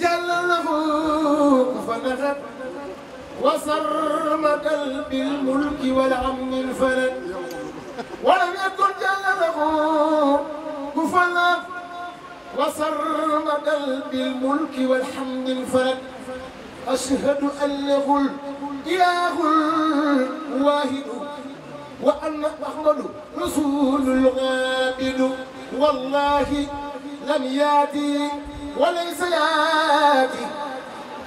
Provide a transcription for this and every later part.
جل له فنخت وصرمدا بالملك والعم الفلد ولم يكن جل له كفلا وصرمدا بالملك والحمد الفلد أشهد أن له الإله الواحد وأن أحمد رسول الغابد والله لم يأتي وليس ياتي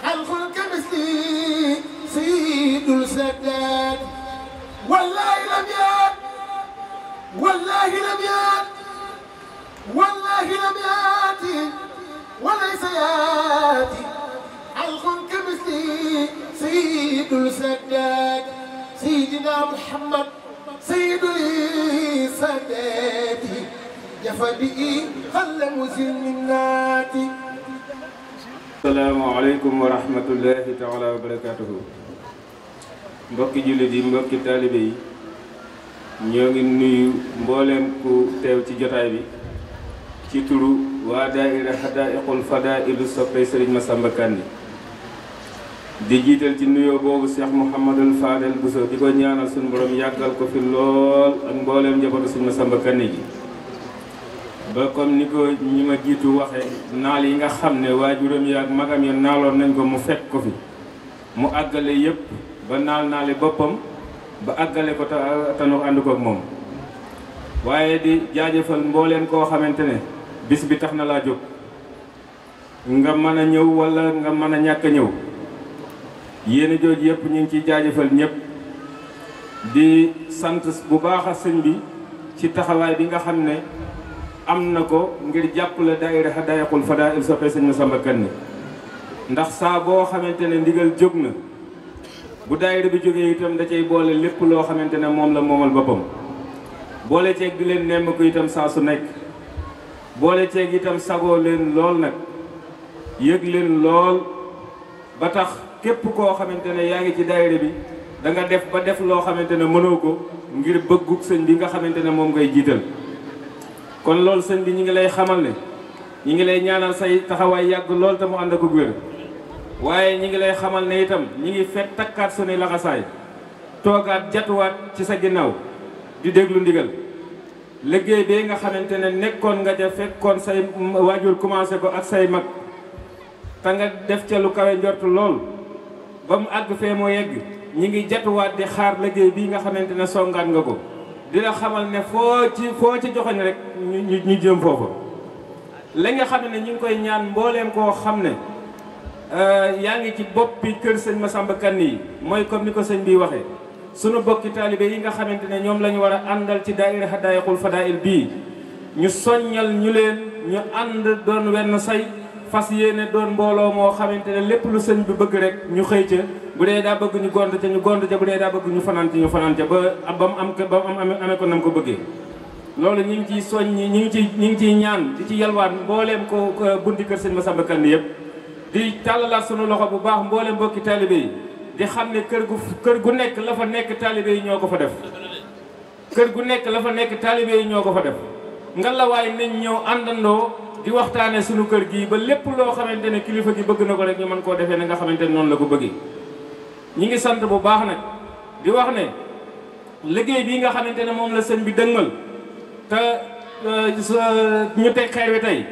خلف كمثلي سيد السداد والله لم يات والله لم يات والله لم ياتي وليس ياتي خلف كمثلي سيد السداد سيدنا محمد سيد السداد جفدي خل مسلمات السلام عليكم ورحمة الله تعالى وبركاته mbokki jullit yi mbokki taalibe yi ñoo ngi nuyu mbooleem ku teew ci jotaay bi ci turu waa daaira xadaa'iqul fadaa'ilu soppey sëriñ Massamba Kanni di jiital ci nuyoo boobu Cheikh Mouhamadul Fadel Bousso di ko ñaanal suñu borom yàggal ko fi lool ak mbooleem njabootu sëriñ Massamba Kanni ji ba comme ni ko ñi ma jiitu waxe naal yi nga xam ne waajuram yi ak magam yi naaloon nañ ko mu fekk ko fi mu àggale yépp ba naal naale boppam ba àggale ko tanu ànd ko ak moom waaye di mboo leen koo xamante ne bis bi tax na laa jóg nga mën a ñëw walla nga mën a ñàkk a ñëw yéen jooj yëpp ñu ngi ciy jaajëfal ñëpp di sant bu baax a sëñ bi ci taxawaay bi nga xam ne am na ko ngir jàppale daayira Hadaayaqul Fadaa'il soppee sëñ Massamba Kanni ndax saa boo xamante ne ndigal jóg na bu daayira bi jógee itam da cay boole lépp loo xamante ne moom la moomal boppam boole ceeg di leen nemm ko itam saa su nekk boole ceeg itam sagoo leen lool nag yëg leen lool ba tax képp koo xamante ne yaa ngi ci daayira bi da nga def ba def loo xamante ne mënoo ko ngir bëggug sëñ bi nga xamante ne moom ngay jiital kon loolu sëñ bi ñu ngi lay xamal ne ñi ngi lay ñaanal say taxawaay yàgg lool te mu ànd ak wér waaye ñu ngi lay xamal ne itam ñu ngi fet takkaat sunuy laxasaay toogaat jatuwaat ci sa ginnaaw di déglu ndigal léggéey bi nga xamante ne nekkoon nga ca fekkoon say waajur commencé ko ak say mag te nga def ca lu kawe njort lool ba mu àgg fee moo yegg ñi ngi jatuwaat di xaar liggéey bii nga xamante ne songaat nga ko dina xamal ne foo ci foo ci joxoñ rek ñu ñu jëm foofu la nga xam ne ñu ngi koy ñaan mbooleem koo xam ne euh, yaa ngi ci boppi kër sëñ Massamba Kanni yi mooy comme ni ko sëñ bi waxee sunu bokki taalibe yi nga xamante ne ñoom la ñu war a àndal ci daaira Hadaayaqul Fadaa'il bii ñu soññal ñu leen ñu ànd doon wenn say fas yéene doon mbooloo moo xamante ne lépp lu sëñ bi bëgg rek ñu xëy ca bu dee daa bëgg ñu gond ca ñu gond ca bu dee daa bëgg ñu fanaan ca ñu fanaan ca ba ba mu am ba mu amee ko nam ko bëggee loolu ñu ngi ciy soññi ñu ngi ciy ñu ngi ciy ñaan di ci yalwaan mbooleem ko bunti kër sëñ Massamba Kanni yëpp di tàllalaat sunu loxo bu baax mbooleem mbokki taalibe yi di xam ne kër gu kër gu nekk la fa nekk taalibe yi ñoo ko fa def kër gu nekk la fa nekk taalibe yi ñoo ko fa def nga la waaye nañ ñëw àndandoo di waxtaane sunu kër gii ba lépp loo xamante ne kilifa gi bëgg na ko rek ñu mën koo defee na nga xamante ne noonu la ko bëggee ñi ngi sant bu baax nag di wax ne liggéey bii nga xamante ne moom la sëñ bi dëngal te euh, ñu teg xeer wi tey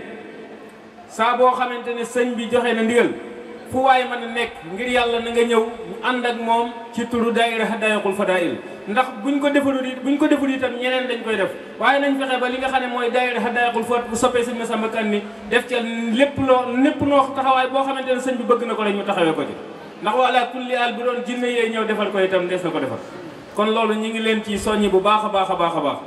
saa boo xamante ne sëñ bi joxe na ndigal fu waay man a nekk ngir yàlla na nga ñëw ñu ànd ak moom ci turu daayira Hadayaqul Fadail ndax buñ ko defalul it ko deful itam ñeneen dañ koy def waaye nañ fexe ba li nga xam ne mooy daayira Hadayaqul Fadail bu soppee sëñ Massamba Kanni def ca lépp loo lépp noo taxawaay boo xamante ne sëñ bi bëgg na ko rek ñu taxawee ko ci ndax wala kulli al bu doon jinne yee ñëw defal ko itam des na ko defal kon loolu ñu ngi leen ci soññi bu baax a baax a baax a baax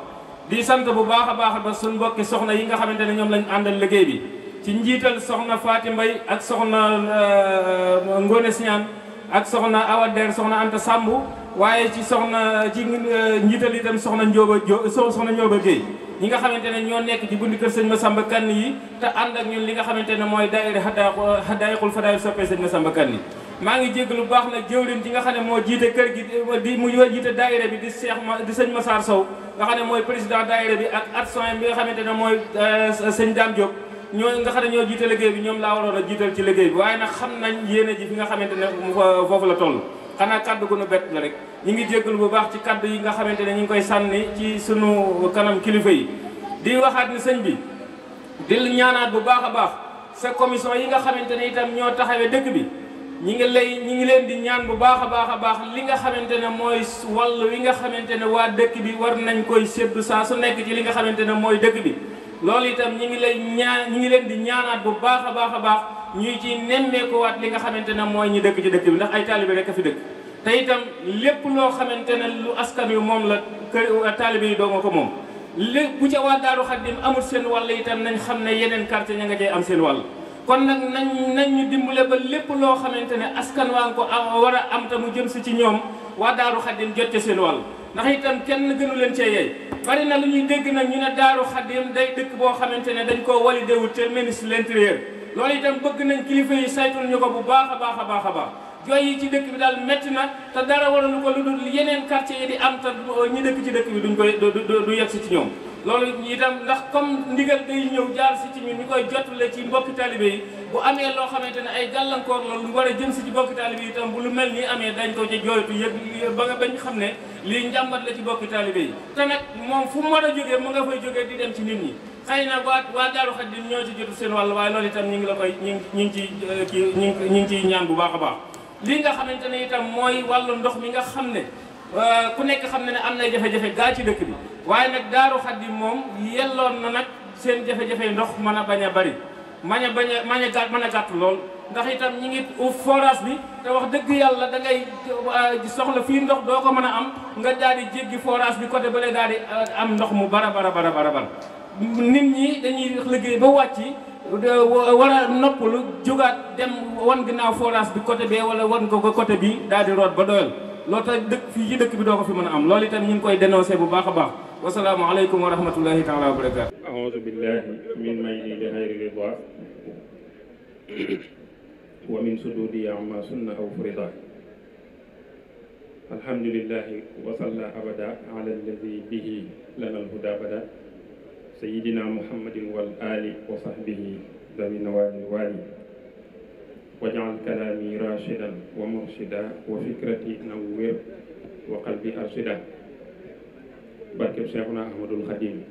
di sant bu baax a baax ba suñ mbokki soxna yi nga xamante ne ñoom lañ àndal liggéey bi ci njiital soxna Faati Mbay ak soxna euh, Ngone Siñaan ak soxna Awa soxna Anta Samb waaye ci soxna ci euh, njiital itam soxna njoogo Njóoba soxna Njóoba Géey ñi nga xamante ne ñoo nekk ci bundi kër sëñ Masamba Kanni yi te ànd ak ñun li nga xamante ne mooy daayira Hadaayiqul Fadaayil soppee sëñ Masamba Kanni maa ngi jégalu lu baax nag jëwriñ ji nga xam ne moo jiite kër gi di mu jiite daayira bi di Cheikh ma di sëñ Massar Sow nga xam ne mooy président daayira bi ak adjoint bi nga xamante ne mooy euh, sëñ Dame Diop ñoo nga xam ne ñoo liggéey bi ñoom laa waroon a jiital ci liggéey bi waaye nag xam nañ yéene ji fi nga xamante ne euh, foofu la toll xanaa kaddu gu nu bett la rek ñu ngi jégalu bu baax ci kaddu yi nga xamante ne ñu ngi koy sànni ci sunu kanam kilifa yi di waxaat ni sëñ bi di ñaanaat bu baax a baax sa commission yi nga xamante ne itam ñoo taxawee dëkk bi ñi ngi lay ñi ngi leen di ñaan bu baax a baax a baax li nga xamante ne mooy wàll wi nga xamante ne waa dëkk bi war nañ koy séddu saa su nekk ci li nga xamante ne mooy dëkk bi loolu itam ñi ngi lay ñaan ñi ngi leen di ñaanaat bu baax a baax a baax ñuy ci nemmeekuwaat li nga xamante ne mooy ñi dëkk ci dëkk bi ndax ay taalibe rek a fi dëkk te itam lépp loo xamante ne lu askan wi moom la kër taalibe yi doonga ko moom lépp bu ca waa Daaru Xaddim seen wàll itam nañ xam ne yeneen quartier ña nga cay am seen wàll kon nag nañ nañ ñu dimbale ba lépp loo xamante ne askanwaan ko am ko war a am te mu jëm si ci ñoom waa Daaru Xaddim jot ci seen wàll ndax itam kenn gënu leen cee yey bari na lu ñuy dégg nag ñu ne Daaru Xaddim day dëkk boo xamante ne dañ koo validé wut te ministre de l'intérieur loolu itam bëgg nañ kilifa yi saytul ñu ko bu baax a baax a baax a baax jooy yi ci dëkk bi daal métti na te dara war a waralu ko lu dul yeneen quartier yi di am te ñi dëkk ci dëkk bi duñ koy du yegg si ci ñoom loolu itam ndax comme ndigal day ñëw jaar si ci ñun ñu koy jotale ci mbokki talibé yi bu amee loo xamante ne ay gàllankoor la lu war a jëm si ci mbokki talibé yi itam bu lu mel nii amee dañ ko ci jooytu yëpp ba bañ xam ne lii njàmbat la ci mbokki talibé yi te nag moom fu mu war a jógee mu nga fay jógee di dem ci nit ñi xëy na waa waa Daaru Xadim ñoo ci jotu seen wàll waaye loolu itam ñu ngi la koy ñu ngi ñu ngi ci euh, kii ñu ngi ñu ngi ciy ñaan bu baax a baax lii nga xamante ne itam mooy wàllu ndox mi nga xam ne euh, ku nekk xam ne ne am na jafe-jafe gaa ci dëkk bi waaye nag daaru xaddim moom yelloon na nag seen jafe-jafe ndox mën a bañ a bari mañe bañ a mañ gàtt mën a gàtt lool ndax itam ñi ngi forage bi te wax dëgg yàlla da ngay euh, soxla fii ndox doo ko mën a am nga daal di jéggi bi côté ba le di euh, am ndox mu bara bara bara bara bara nit ñi dañuy liggéey ba wàcci war a noppalu jógaat dem wan ginnaaw forage bi côté bee wala wan ko ko côté bii daal di root ba doyal loolu tax dëkk fii ci dëkk bi doo ko fi mën a am loolu itam ñu ngi koy dénoncé bu baax a baax wasalaamu aleykum wa rahmatullahi taala wa barakaatu aouzu billahi min maydi li xayri rida wa min sududi amma sunna aw furida alhamdulillahi wa salla abada ala alladi bihi lana alhuda bada sayidina muhammadin wal ali wa sahbihi dawi nawali waali wajal kalaami rashidan wa murshida wa fikrati nawwir wa qalbi arshida barkeb Seexuna Ahmadul Xadim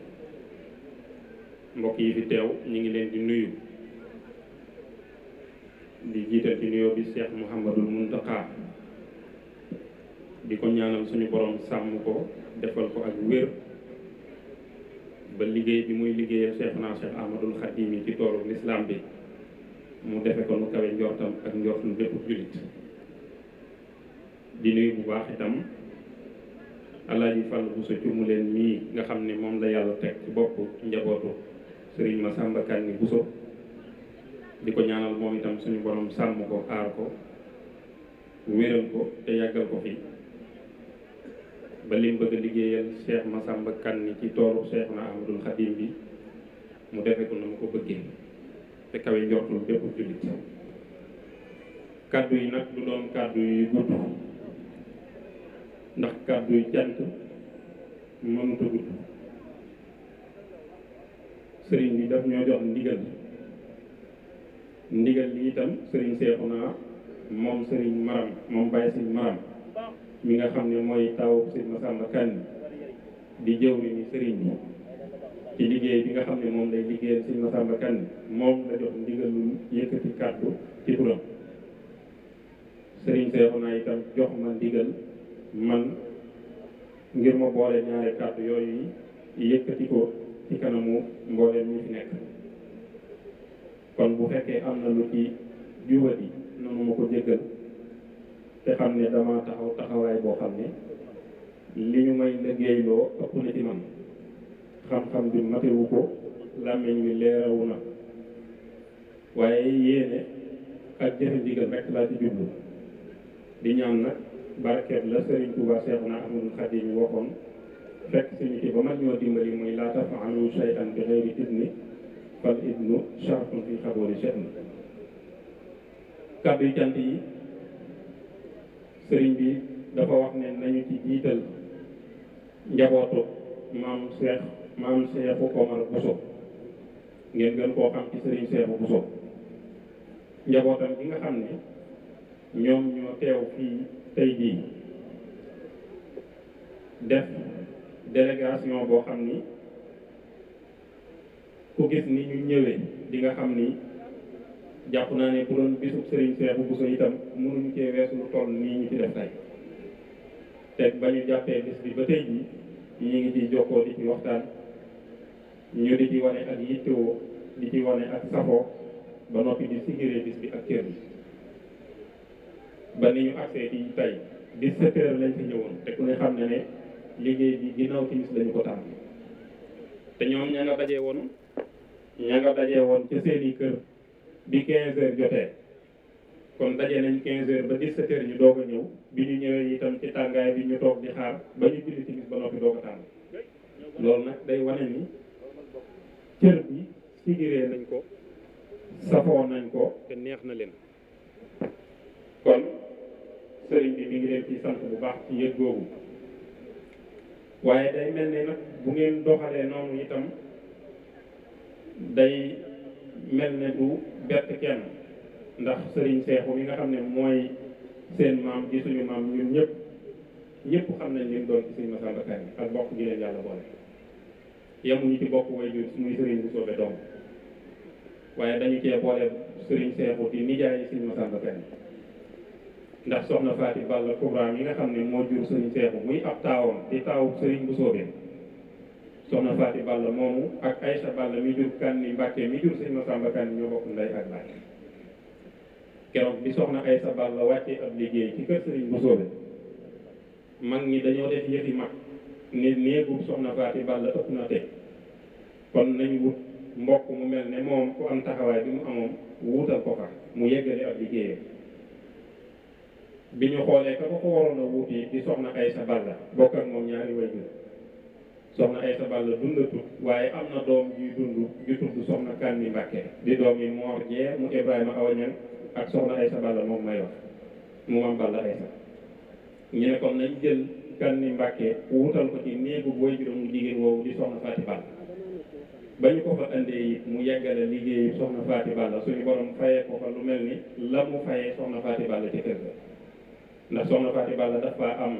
mbokk yi fi teew ñu ngi leen di nuyu di jiital ci nuyoo bi Seex Muhammadul Muntaqa di ko ñaanal suñu borom sàmm ko defal ko ak wér ba liggéey bi muy liggéeyal Seexuna Seex Ahmadul Xadim yi ci toolu lislaam bi mu defe ko nu kawe njortam ak njortum bépp jullit di nuyu bu baax itam alaaji Fallou Bousso Cumbuleen mii nga xam ne moom la yàlla teg ci bopp njabootu sëriñ Massamba Kanni Bousso di ko ñaanal moom itam suñu borom sàmm ko aar ko wéral ko te yàggal ko fi ba lim bëgg a liggéeyal Cheikh Massamba Kanni ci toolu Cheikh na Ahmadul Xadim bi mu defe ko na mu ko bëggee te kawe njortul bépp jullit kàddu yi nag du doon kàddu yu gudd ndax kàddu yu cant mënut sëriñ bi daf ñoo jox ndigal ndigal li itam sëriñ Seexuna moom sëriñ Maram moom Baye sëriñ Maram mi nga xam ne mooy taw sëriñ Masamba Kanni di jëwri ni sëriñ bi ci liggéey bi nga xam ne moom lay liggéeyal sëriñ Masamba Kanni moom la jox ndigal lu kàddu ci turam sëriñ Seexuna itam jox ma ndigal man ngir ma boole ñaari kàddu yooyu yëkkati ko ci kanamu mbooleem ñi nekk kon bu fekkee am na lu ci juwat yi nanu ma ko jéggal te xam ne dama taxaw taxawaay boo xam ne li ñu may liggéeyloo ëpp na ci man xam-xam bi matewu ko làmmiñ wi leerawu na waaye yéene ak jëfe ndigal rekk laa ci jublu di ñaan nag barkeet la Serigne Touba Cheikh naa Amadou Khadim waxoon fekk suñu ci ba mat ñoo dimbali muy laa tafaalu shay'an bi xayri idni fal idnu shartun fi xaboori shay'an kàddu yi cant yi sëriñ bi dafa wax ne nañu ci jiital njabootu maam Cheikh maam Cheikhu Omar Bousso ngeen gën koo xam ci sëriñ Cheikhu Bousso njabootam gi nga xam ne ñoom ñoo teew fii tey jii def délégation boo xam ni ku gis ni ñu ñëwee di nga xam ni jàpp naa ne bu doon bisub Serigne Cheikh Bousso itam mënuñu ci weesu mu toll nii ñu ci def tey te ba ñu jàppee bis bi ba tey jii ñu ngi ciy jokkoo di ci waxtaan ñu di ci wane ak yittewoo di ci wane ak safoo ba noppi di sigiree bis bi ak cër bi ba ni ñu accès ci tey 17 heures lañ fi ñëwoon te ku ne xam ne ne liggéey bi ginnaaw timis lañu ko tàmbali te ñoom ña nga dajee woon ña nga dajee woon ca seeni kër bi 15 heures jotee kon dajee nañ 15 heures ba 17 ñu doog a ñëw bi ñu ñëwee itam ci tàngaay bi ñu toog di xaar ba ñu julli timis ba noppi doog a tàmbali loolu nag day wane ni cër bi sigiree nañ ko safoo nañ ko te neex na leen kon sëriñ bi mi ngi leen ci sant bu baax ci yët googu waaye day mel ni nag bu ngeen doxalee noonu itam day mel ne du bett kenn ndax sëriñ seexu mi nga xam ne mooy seen maam di suñu maam ñun ñëpp ñëpp xam nañ leen doon ci suñu Masamba Kanni ak bokk gi leen yàlla boole yemuñu ci bokk way jur muy sëriñ bu soobe doom waaye dañu cee boole sëriñ seexu di nijaayi suñu Masamba Kanni ndax soxna Faati Balla Kubra mi nga xam ne moo jur sëriñ Seexu muy ab taawam di taawu sëriñ bu soobee soxna Faati Balla moomu ak Aysa Balla mi jur Kanni Mbàkke mi jur sëriñ Masamba Kanni ñoo bokk ndey ak baay keroog bi soxna Aysa Balla wàccee ab liggéey ci kër sëriñ bu soobee mag ñi dañoo def yëfi mag ne néegu soxna Faati Balla ëpp na teg kon nañ wut mbokk mu mel ne moom ku am taxawaay bi mu amoon wuutal ko fa mu yeggale ab liggéeyam bi ñu xoolee ka ko ko waroon a wuuti di soxna Aysa Balla bokk moom ñaari waajur soxna Aysa Balla dundatut waaye am na doom juy dund ju tudd soxna Kanni Mbàkke di doom yi Moor Jee mu Ibrahima Awañan ak soxna Aysa Balla moom may wax mu am Balla Aysa ñu ne kon nañ jël Kanni Mbàkke wuutal ko ci néegu waajuram mu jigéen woowu di soxna Faati Balla ba ñu ko fa andee it mu yeggale liggéeyu soxna Faati Balla suñu borom fayee ko fa lu mel ni la mu fayee ndax soxna Faati Balla dafa am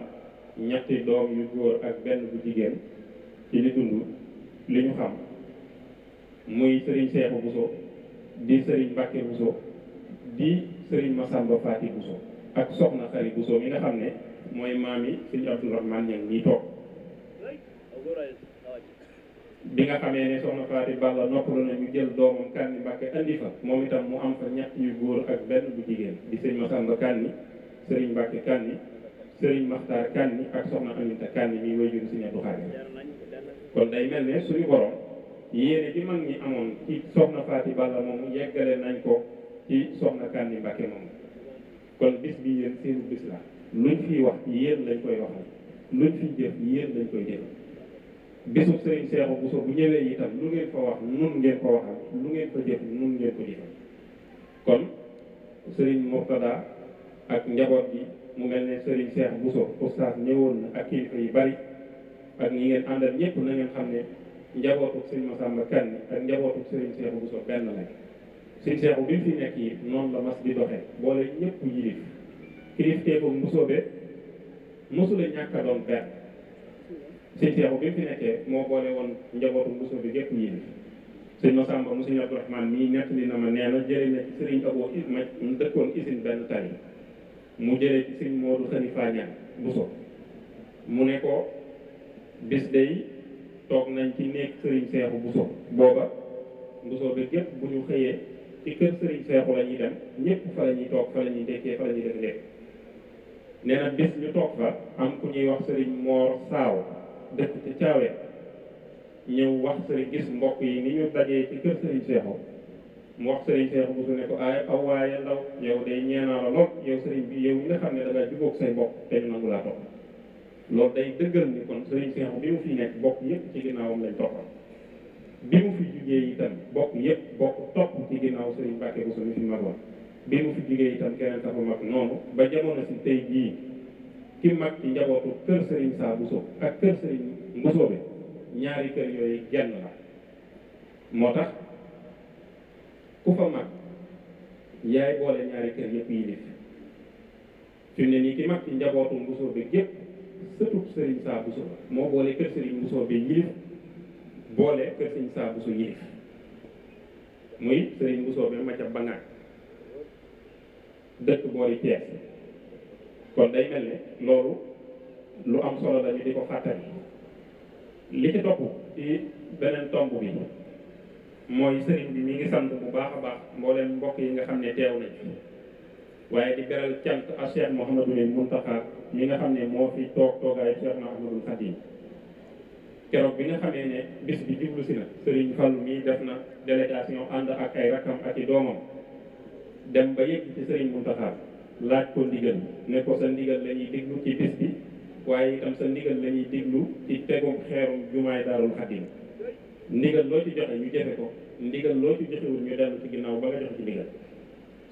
ñetti doom yu góor ak benn bu jigéen ci li dund li ñu xam muy sëriñ Seexu Buso di sëriñ Mbàkke Buso di sëriñ Masamba Faati Buso ak soxna Xari Buso mi nga xam ne mooy maam yi sëriñ Abdourahmane ñang ñii toog bi nga xamee ne soxna Faati Balla noppalu na ñu jël doomam Kanni Mbàkke andi fa moom itam mu am fa ñett yu góor ak benn bu jigéen di sëriñ Masamba Kanni sëriñ Mbacke Kanni sëriñ Makhtar Kanni ak soxna ka Kanni mii wajur Sëriñ Abdou Khadir kon day mel ne suñu borom yéene ji mag ñi amoon ci soxna Faati Balla moomu yeggale nañ ko ci soxna Kanni Mbacke moomu kon bis bi yéen seen bis la luñ fiy wax yéen lañ koy waxal luñ fiy jëf yéen lañ koy jëf bisu sëriñ Seexu Buso bu ñëwee itam lu ngeen ko wax nun ngeen ko waxal lu ngeen ko jëf nun ngeen ko jëfal kon sëriñ Murtada ak njaboot yi mu mel ne Serigne Cheikh Bousso oustaz ñëwoon na ak kilifa yu bari ak ñi ngeen àndal ñëpp na ngeen xam ne njabootu Serigne Massamba Kanni ak njabootu Serigne Cheikh Bousso benn lañ Serigne bi fi nekk yi noonu la mas di doxee boole ñëpp yilif kilif teekum Mbusoobe mosula ñàkk a doon benn Serigne Cheikh bi fi nekkee moo boole woon njabootu Mbusoobe gépp yilif sëñ Massamba mu sëñ Abdourahmane mii nekk li na ma nee na jëlee sëriñ ci Serigne Abo Isma dëkkoon usine benn tali mu jëlee ci sëñ Modou Khalifa Niang Bousso mu ne ko bis day toog nañ ci néeg sëriñ Seexu Bousso booba Bousso bi gépp bu ñu xëyee ci kër sëriñ Seexu la ñuy dem ñëpp fa la ñuy toog fa la ñuy fa la ñuy def lépp nee bis ñu toog fa am ku ñuy wax sëriñ Moor Saaw dëkk ci Caawee ñëw wax sëriñ gis mbokk yi ni ñu dajee ci kër sëriñ Seexu mu wax sëriñ Seex Buso ne ko ay aw waaye ndaw yow day ñeenaa la lool yow sëriñ bi yow ñi nga xam ne da ngaa say bokk te ñu nangu laa topp loolu day dëggal ni kon sëriñ Seex bi mu fi nekk bokk yëpp ci ginnaawam lañ toppal bi mu fi jugee itam bokk yëpp ci ginnaaw sëriñ Mbàkke Buso mi fi magoon bi mu fi jugee itam keneen taxu ba jamono si tey jii ki mag ci njabootu kër sëriñ saa Buso ak kër sëriñ Buso bi ñaari kër yooyu genn la moo tax ku fa mag yaay boole ñaari kër yëpp yi def ne nii ki mag ci njabootu mbusoo bi yëpp sëtub sëriñ saa buso moo boole kër sëriñ mbusoo bi yilif boole kër sëriñ saa buso yilif muy sëriñ mbusoo bi ma ca bangaat dëkk boori Thiès kon day mel ni loolu lu am solo dañu di ko fàttali li ci topp ci beneen tomb bi mooy sëriñ bi mi ngi sant bu baax a baax mbooleem mbokk yi nga xam ne teew nañ waaye di beral cant ak Cheikh Mouhamadul Mountakha mi nga xam ne moo fi toog toogaayu Cheikh Mouhamadul Khadim keroog bi nga xamee ne bis bi jublu si na sëriñ Fallou mii def na délégation ànd ak ay rakam ak i doomam dem ba yëg ci sëriñ Mountakha laaj ko ndigal ne ko sa ndigal la ñuy ci bis bi waaye itam sa ndigal la ñuy déglu ci tegum xeerum jumaay Daarul Khadim ndigal loo ci joxe ñu jafe ko ndigal loo ci joxewul ñu dellu ci ginnaaw ba nga joxe ci ndigal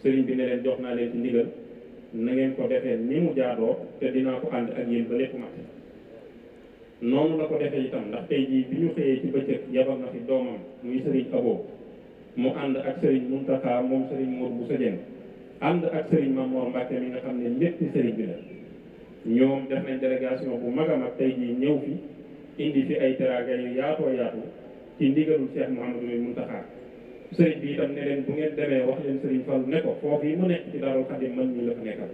sëriñ bi ne leen jox naa leen ci ndigal na ngeen ko defee ni mu jaadoo te dinaa ko ànd ak yéen ba lépp mat noonu la ko defee itam ndax tey jii bi ñu xëyee ci bëccëg yabal na fi doomam muy sëriñ Abo mu ànd ak sëriñ Muntaxa moom sëriñ Mor bu Sëjeen ànd ak sëriñ Mamoor Mbàkke mi nga xam ne lépp sëriñ bi la ñoom def nañ délégation bu mag a mag ñëw indi fi ay teraanga yu ci ndigalul Cheikh Mouhamadou Mountakha sëriñ bi itam ne leen bu ngeen demee wax leen sëriñ Fallu ne ko foofu yi mu nekk ci Daarul Xadim man mii la fa nekkal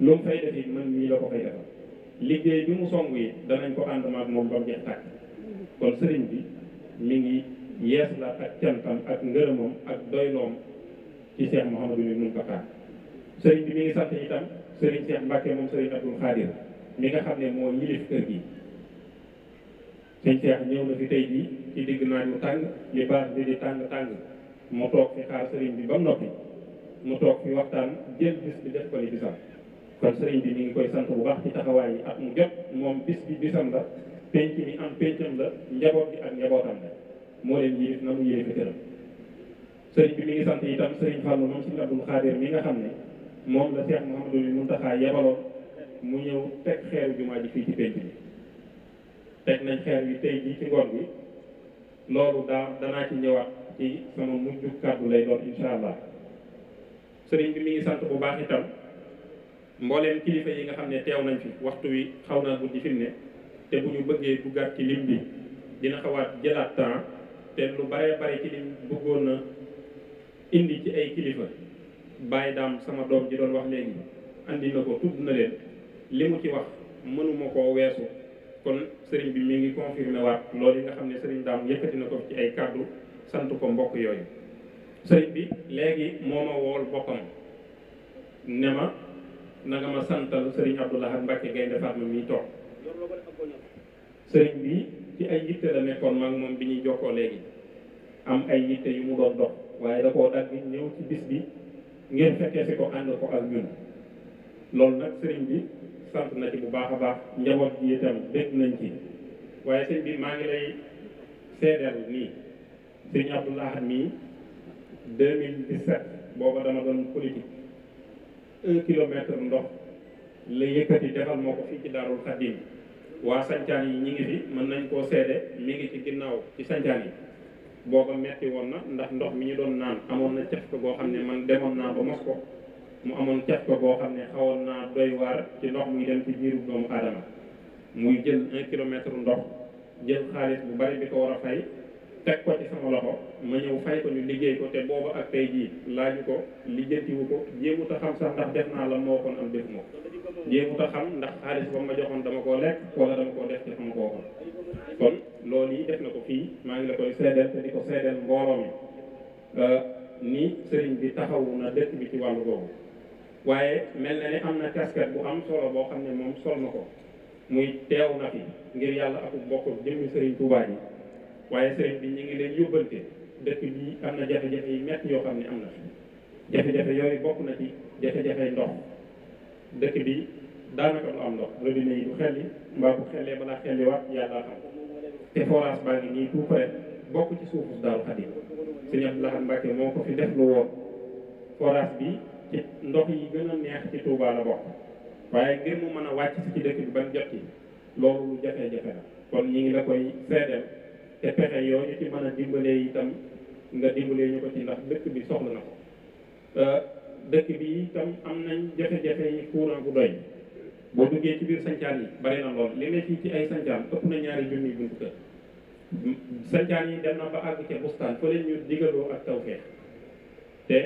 lu mu fay def it man ko fay liggéey bi mu song yi danañ ko ànd ak moom ba mu jeex sëriñ bi mi ngi yees la ak cantam ak ngërëmam ak doyloom ci Cheikh Mouhamadou Mountakha bi mi ngi sant itam sëriñ Cheikh Mbacke moom sëriñ Abdoul nga xam ne moo yilif kër gi sëñ Cheikh ñëw ci digg naaj mu tàng bi di tàng tàng toog fi xaar sëriñ bi ba noppi mu toog fi waxtaan jël bi def ko li bisam kon bi ñu ngi koy sant bu baax ci taxawaay yi at mu jot moom bis bi bisam la penc mi am pencam la njaboot bi ak njabootam la moo leen yilif mu yilif këram sëriñ bi mi ngi sant itam sëriñ Fallou moom sëriñ Abdou Khadir nga xam ne moom la Cheikh Mouhamadou Mountakha yebaloon mu ñëw teg xeeru jumaa ji fii ci penc bi teg nañ xeer wi tey jii ci ngoon bi loolu daa danaa ci ñëwaat ci sama mujj kàddu lay doon incha allah sëriñ bi mi ngi sant bu baax itam mbooleem kilifa yi nga xam ne teew nañ fi waxtu wi xaw naa bu fi mu ne te bu ñu bëggee duggaat ci lim bi dina xawaat jëlaat temps te lu baree bare ci lim bëggoon na indi ci ay kilifa bàyyi daam sama doom ji doon wax léegi andi na ko tudd na leen li mu ci wax mënuma koo weesu kon sëriñ bi mu ngi confirmé waat loolu yi nga xam ne sëriñ daam yëkkati na ko ci ay kàddu sant ko mbokk yooyu sëriñ bi léegi moo ma wool boppam ne ma na nga ma santal sëriñ Abdou Lahad Mbacke Gaïndé Fatma mi toog sëriñ bi ci ay yitte la nekkoon maak moom bi ñuy jokkoo léegi am ay yitte yu mu doon dox waaye da koo dagg ñëw ci bis bi ngeen fekkee si ko ànd ko ak ñun loolu nag sëriñ bi sant na ci bu baax a baax njaboot bi itam bég nañ ci waaye sëñ bi maa ngi lay seedeel nii sëñ Abdoul Ahad mii 2017 booba dama doon politique un kilomètre ndox la yëkkati defal moo ko fii ci Daarul Xaddim waa sancaan yi ñi ngi fi mën nañ koo seede mi ngi ci ginnaaw ci sancaan yi booba metti woon na ndax ndox mi ñu doon naan amoon na caf ko boo xam ne man demoon naa ba mos ko mu amoon cet ko boo xam ne xawoon naa doy waar ci ndox muy dem ci biiru doomu aadama muy jël un kilomètre ndox jël xaalis bu bari bi ko war a fay teg ko ci sama loxo ma ñëw fay ko ñu liggéey ko te booba ak tey jii laaju ko li lijjantiwu ko jéemut a xam sax ndax def naa la moo kon am def moo jéemut a xam ndax xaalis ba ma joxoon dama koo lekk wala dama koo def te sama koo kon loolu yi def na ko fii maa ngi la koy seedeel te di ko seedeel mbooloo euh, ni sëriñ bi taxawu na dëkk bi ci wàllu waaye mel na ni am na casquette bu am solo boo xam ne moom sol na ko muy teew na fi ngir yàlla ak bokk jëmmi sëriñ Touba yi waaye sëriñ bi ñu ngi leen yóbbante dëkk bi am na jafe-jafe yi métti yoo xam ne am na fi jafe-jafe yooyu bokk na ci jafe-jafe ndox dëkk bi daanaka du am ndox robinet yi du xelli mbaa bu xellee balaa xelli waat yàlla xam te forage baa ngi nii bokk ci suufu Daaru Xadim Sëriñ Abdou Lahad Mbacke moo ko fi def lu woon forage ci ndox yi gën a neex ci Touba la bokk waaye ngir mu mën a wàcc si ci dëkk bi ban jot ci loolu lu jafe-jafe la kon ñi ngi la koy seedeel te pexe yooyu ci mën a dimbalee itam nga dimbalee ñu ko ci ndax dëkk bi soxla na ko euh, dëkk bi itam am nañ jafe-jafe yi courant bu doy boo duggee ci biir sancaan yi bari na lool li ne fii ci ay sancaan ëpp na ñaari junni buntu kër sancaan yi dem na ba àgg ca bustaan fa ñu digaloo ak tawfeex te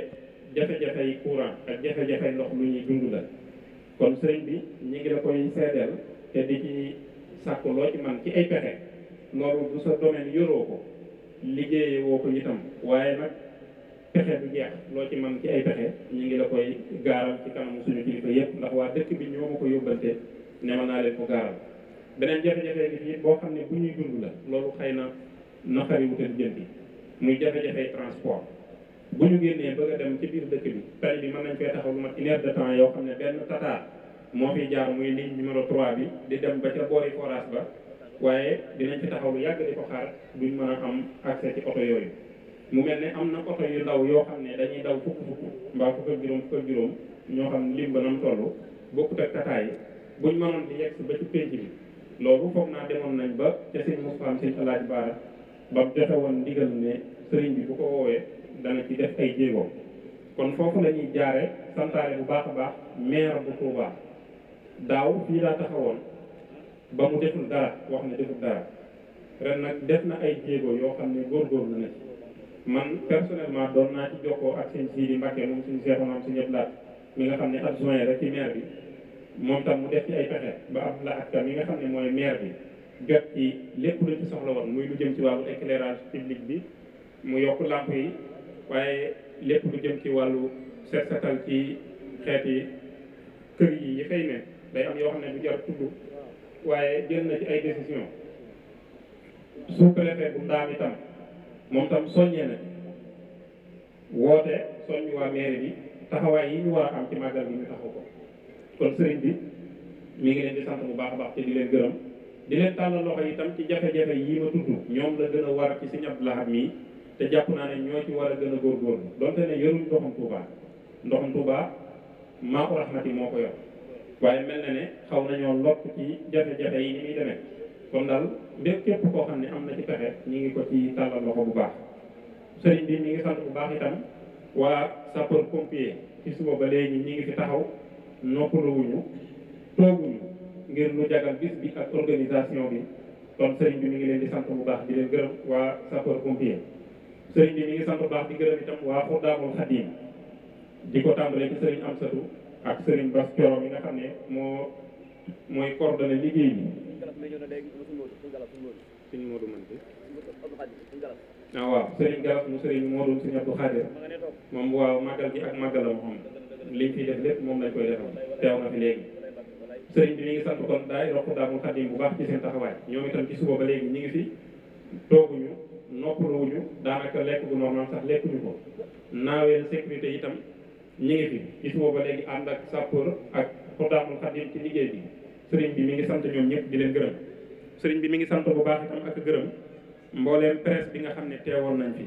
jafe-jafey courant ak jafe-jafey ndox lu ñuy dund la kon sëriñ bi ñu ngi la koy seedeel te di ci sàkku loo ci man ci ay pexe loolu bu sa domaine yoroo ko liggéeye woo ko itam waaye nag pexe bu jeex loo ci man ci ay pexe ñu ngi la koy gaaral ci kanam suñu kilifa yëpp ndax waa dëkk bi ñoo ma ko yóbbante ne ma naa leen ko gaaral beneen jafe-jafe bi fii boo xam ne bu ñuy dund la loolu xëy na naqari wutal bi muy jafe-jafe transport bu ñu génnee bëgg a dem ci biir dëkk bi tali bi mën nañ fee taxaw lu mat une heure de temps yoo xam ne benn tata moo fi jaar muy lii numéro 3 bi di dem ba ca boori forage ba waaye dinañ fi taxaw lu yàgg di ko xaar duñ mën a am accès ci oto yooyu. mu mel ne am na oto yu ndaw yoo xam ne dañuy daw fukk fukk mbaa fukk juróom fukk juróom ñoo xam lim ba nam toll bokkut ak tata yi buñ mënoon di yegg ba ci pénc bi loolu foog naa demoon nañ ba ca si Moussa sëñ Alaaji Baara ba mu woon ndigal ne sëriñ bi bu ko woowee. dana ci def ay jéego kon foofu lañuy jaare santaare bu baax a baax maire bu Touba daaw fii laa taxawoon ba mu deful dara wax ne deful dara ren nag def na ay jéego yoo xam ne góorgóorlu na ci man personnellement doon naa ci jokkoo ak seen Sidi Mbacke moom suñu seetoonam si ñëpp laat mi nga xam ne adjoint rek ci maire bi moom tam mu def ci ay pexe ba am la ak mi nga xam ne mooy maire bi jot ci lépp lu ci soxla woon muy lu jëm ci wàllu éclairage public bi mu yokk lamp waaye lépp lu jëm ci wàllu set setal ci xeeti kër yi yi fay ne day am yoo xam ne du jar tudd waaye jël na ci ay décision sous-préfet bu ndaam itam moom tam soññee na woote soññ waa mairie bi taxawaay yi ñu war a am ci màggal bi ñu taxaw ko kon sëriñ bi mi ngi leen di bu baax baax te di leen gërëm di leen tàllal loxo yi itam ci jafe-jafe yii ma tudd ñoom la gën a war ci si Abdou Lahad mii te jàpp naa ne ñoo ci war a gën a góorgóorlu donte ne yorul ndoxum Touba ndoxum Touba maa ko raxmat yi moo ko yor waaye mel na ne xaw nañoo lokk ci jafe-jafe yi ni muy demee kon daal bépp képp koo xam ne am na ci pexe ñu ngi ko ci tàllal loxo bu baax. sëriñ bi ñu ngi sant bu baax itam waa sapeur pompier ci suba ba léegi ñu ngi fi taxaw noppaluwuñu tooguñu ngir lu jagal bis bi ak organisation bi kon sëriñ bi mi ngi leen di sant bu baax bi leen gërëm waa sapeur pompier. sëriñ bi mi ngi sant bu baax di gërëm itam waa Xuddaamul Xadiim di ko tàmbalee sëriñ Amsatu ak sëriñ Bas Coro mi nga xam ne moo mooy coordonné liggéey bi. sëriñ Modou man bi ah waaw sëriñ mu sëriñ Modou sëriñ Abdou Xaadir moom waaw màggal gi ak màggalam xam liñ def lépp moom lañ koy defal teew na fi léegi. sëriñ bi mi ngi sant kon daay Xuddaamul Xadiim bu baax ci seen taxawaay ñoom itam ci suba ba léegi ñu ngi fi tooguñu. noppaluwuñu daanaka lekk bu normal sax lekkuñu ko naaweel sécurité itam ñu ngi fi gis nga léegi ànd ak sapeur ak xoddaamul ci liggéey bi sëriñ bi mu ngi sant ñoom ñëpp di leen gërëm sëriñ bi mi ngi sant bu baax itam ak gërëm mbooleem presse bi nga xam ne teewoon nañ fi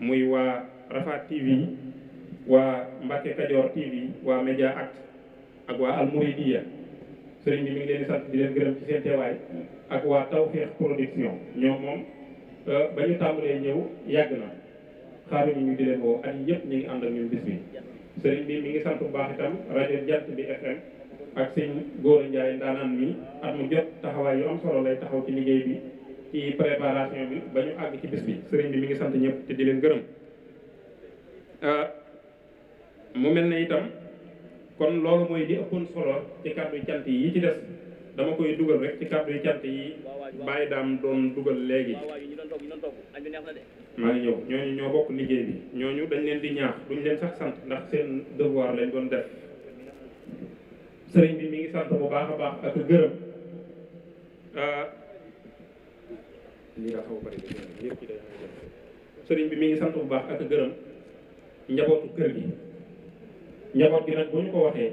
muy waa Rafa TV waa Mbacke Kajoor TV waa Média Act ak waa Almouridiya sëriñ bi mu ngi leen di sant di leen gërëm ci seen teewaay ak waa Tawfekh Production ñoom moom Euh, ba ñu tàmbalee ñëw yàgg na xaaruñu ñu di leen woo at yëpp ñu ngi ànd ak ñun bis bi sëriñ bi mi ngi sant bu baax itam rajo jànt bi FM ak sëñ Góora Ndiaye ndaanaan mi at mu jot taxawaay yu am solo lay taxaw ci liggéey bi ci préparation bi ba ñu àgg ci bis bi sëriñ bi mi ngi sant ñëpp te di leen gërëm euh, mu mel na itam kon loolu mooy li ëppoon solo ci kàddu cant yi ci des dama koy dugal rek ci kàddu yi cant yi bàyyi daam doon dugal léegi maa ngi ñëw ñooñu ñoo bokk liggéey bi ñoo ñu dañ leen di ñaax duñ leen sax sant ndax seen devoir lañ doon def sëriñ bi mi ngi sant bu baax a baax ak gërëm sëriñ bi mi ngi sant bu baax ak gërëm njabootu kër gi njaboot gi rek boo ñu ko waxee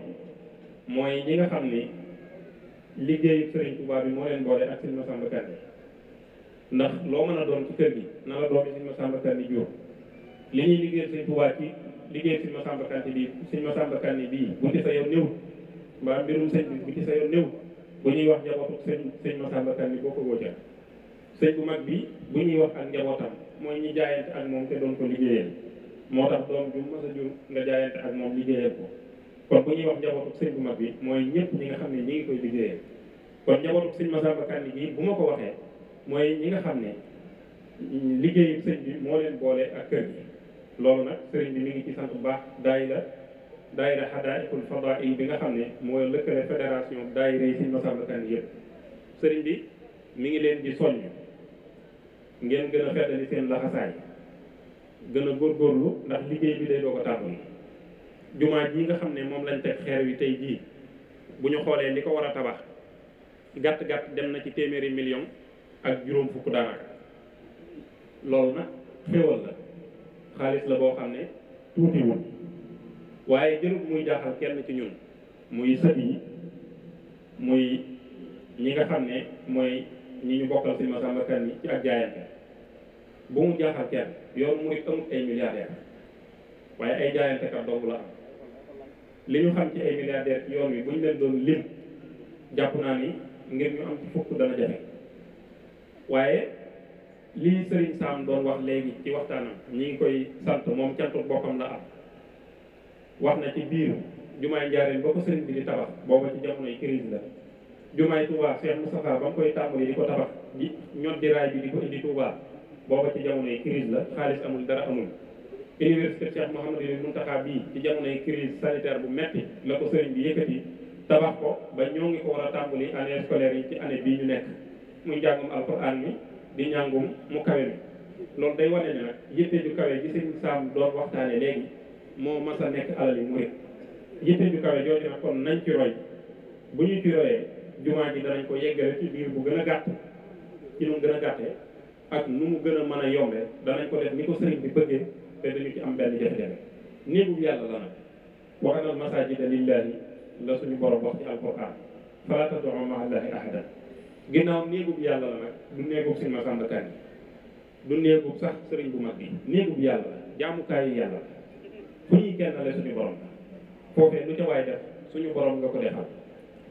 mooy ñi nga xam ni liggéey Serigne Touba bi moo leen boole ak Serigne Massamba Kanni ndax loo mën a doon ci kër gi na la doomi Serigne Massamba Kanni jur li ñuy liggéey Serigne Touba yi liggéey Serigne Massamba Kanni bii Serigne Massamba Kanni bii bu ci sa yow néew bi bu ci sa yow néew bu ñuy wax njabootu sëñ sëñ Massamba Kanni boo ko wóote sëñ bu mag bi bu ñuy wax ak njabootam moo ñi jaayante ak moom te doon ko liggéeyal moo tax doom ju mas a jur nga jaayante ak moom liggéeyal ko kon bu ñuy wax njabootu sëñ bu mag bi mooy ñëpp ñi nga xam ne ñi ngi koy liggéeyee kon njabootu sëñ Massamba Kanni bi bu ma ko waxee mooy ñi nga xam ne liggéeyu sëñ bi moo leen boole ak kër gi loolu nag sëriñ bi mi ngi ci sant bu baax daayira daayira Hadaa'iqul Fadaa'il bi nga xam ne mooy lëkkale fédération daayira yi sëñ Massamba Kanni yëpp sëriñ bi mi ngi leen di soññ ngeen gën a feddali seen laxasaay gën a góorgóorlu ndax liggéey bi day doo ko tàmbali jumaa ji nga xam ne moom lañ teg xeer wi tey jii bu ñu xoolee li ko war a tabax gàtt gàtt dem na ci téeméeri million ak juróom fukk daanaka loolu nag xéewal la xaalis la boo xam ne tuutiwul waaye jërub muy jaaxal kenn ci ñun muy sët yi muy ñi nga xam ne mooy ñi ñu bokkal si Masamba Kanni ci ak jaayante bu mu jaaxal kenn yoon murit amut ay milliardaire waaye ay jaayante kat dong la li ñu xam ci ay milliardaires ci yoon wi bu ñu leen doon lim jàpp naa ni ngir ñu am ci fukk dana jafe waaye lii Serigne Sam doon wax léegi ci waxtaanam ñi ngi koy sant moom cantu boppam la am wax na ci biir jumaay njaareen ba ko Serigne bi di tabax booba ci jamonoy crise la jumaay Touba Cheikh Moustapha ba mu koy tàmbali di ko tabax di ñod di bi di ko indi Touba booba ci jamonoy crise la xaalis amul dara amul université Cheikh Mouhamadou Mountakha bii ci jamonoy crise sanitaire bu metti la ko sëriñ bi yëkkati tabax ko ba ñoo ngi ko war a tàmbali année scolaire yi ci année bii ñu nekk mu njàngum alquran mi di njàngum mu kawe mi loolu day wane ne nag yitte ju kawe gi moo mas nekk alal yi murit nag kon nañ ci roy bu ñu ci royee jumaa ji danañ ko yeggale ci biir bu gën a gàtt ci nu gën a gàttee ak nu mu gën a mën a yombee danañ ko def ni ko sëriñ bi bëggee te dañu ci am benn jafe-jafe néegu yàlla la nag wa anal masaajida lillaahi la suñu borom wax ci alquran falaa tad'uu ma'a llaahi ahadan ginnaaw néegu yàlla la nag du néegu sëñ Masamba Kanni du néegu sax sëriñ bu mag bi néegu yàlla la jaamukaayu yàlla la fu ñuy kennale suñu borom foofee lu ca waay def suñu borom nga ko defal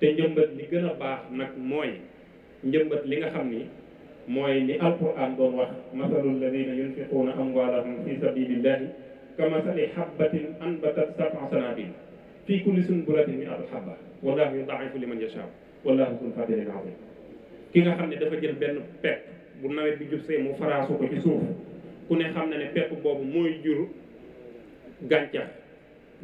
te njëmbat li gën a baax nag mooy njëmbat li nga xam ni mooy li alquran doon wax masalul ladina yunfiquuna amwaalahum fi sabilillahi ka masali habbatin anbatat sab'a sanabil fii kulli sunbulatin mi'atu habba wallahu yudaa'ifu liman yashaa wallahu zul fadlin azim ki nga xam ne dafa jël benn pepp bu nawet bi jub see mu faraasu ko ci suuf ku ne xam na ne pepp boobu mooy jur gàncax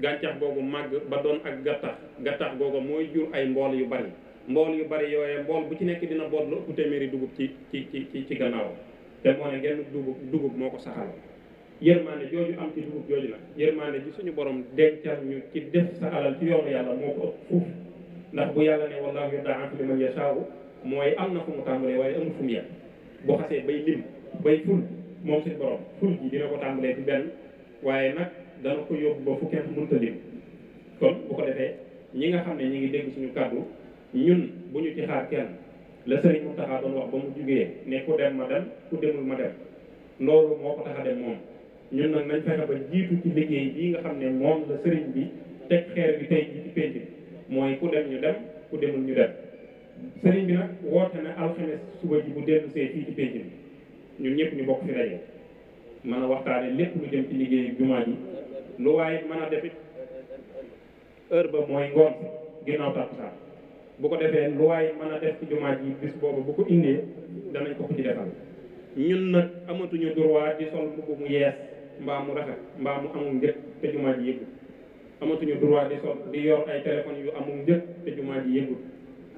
gàncax boobu màgg ba doon ak gattax gattax mooy jur ay mbool yu bari mbool yu bari yooyee mbool bu ci nekk dina bool lu ëpp téeméeri dugub ci ci ci ci gannaaw te moo ne genn dugub dugub moo ko saxal yërmaande jooju am ci dugub jooju nag yërmaande ji suñu borom dencal ñu ci def sa alal ci yoonu yàlla moo ko ëpp fuuf ndax bu yàlla ne wallaahu yudaa'ifu liman yashaa'u mooy am na fu mu tàmbalee waaye amul fu mu yem boo xasee bay lim bay ful moom suñu borom ful ji dina ko tàmbalee ci benn waaye nag dana ko yóbbu ba fu kenn mënta lim kon bu ko defee ñi nga xam ne ñi ngi dégg suñu kàddu ñun bu ñu ci xaar kenn la sëriñ Mountakha doon wax ba mu jógee ne ku dem ma dem ku demul ma dem loolu moo ko tax dem moom ñun nag nañ fexe ba jiitu ci liggéey bii nga xam ne moom la sëriñ bi teg xeer bi tey ji ci pénc mooy ku dem ñu dem ku demul ñu dem sëriñ bi nag woote na alxames suba ji bu dellu see fii ci pénc bi ñun ñëpp ñu bokk fi daje mën a waxtaane lépp lu jëm ci liggéey jumaa ji lu waaye mën a defit heure ba mooy ngoon ginnaaw takkusaan bu ko defee lu waay mën a def ci jumaa ji bis boobu bu ko indee danañ ko ko ci defal ñun nag amatuñu droit di sol mbubb mu yees mbaa mu rafet mbaa mu amul njëkk te jumaa ji yëgul amatuñu droit di sol di yor ay téléphone yu amul njëkk te jumaa ji yëgul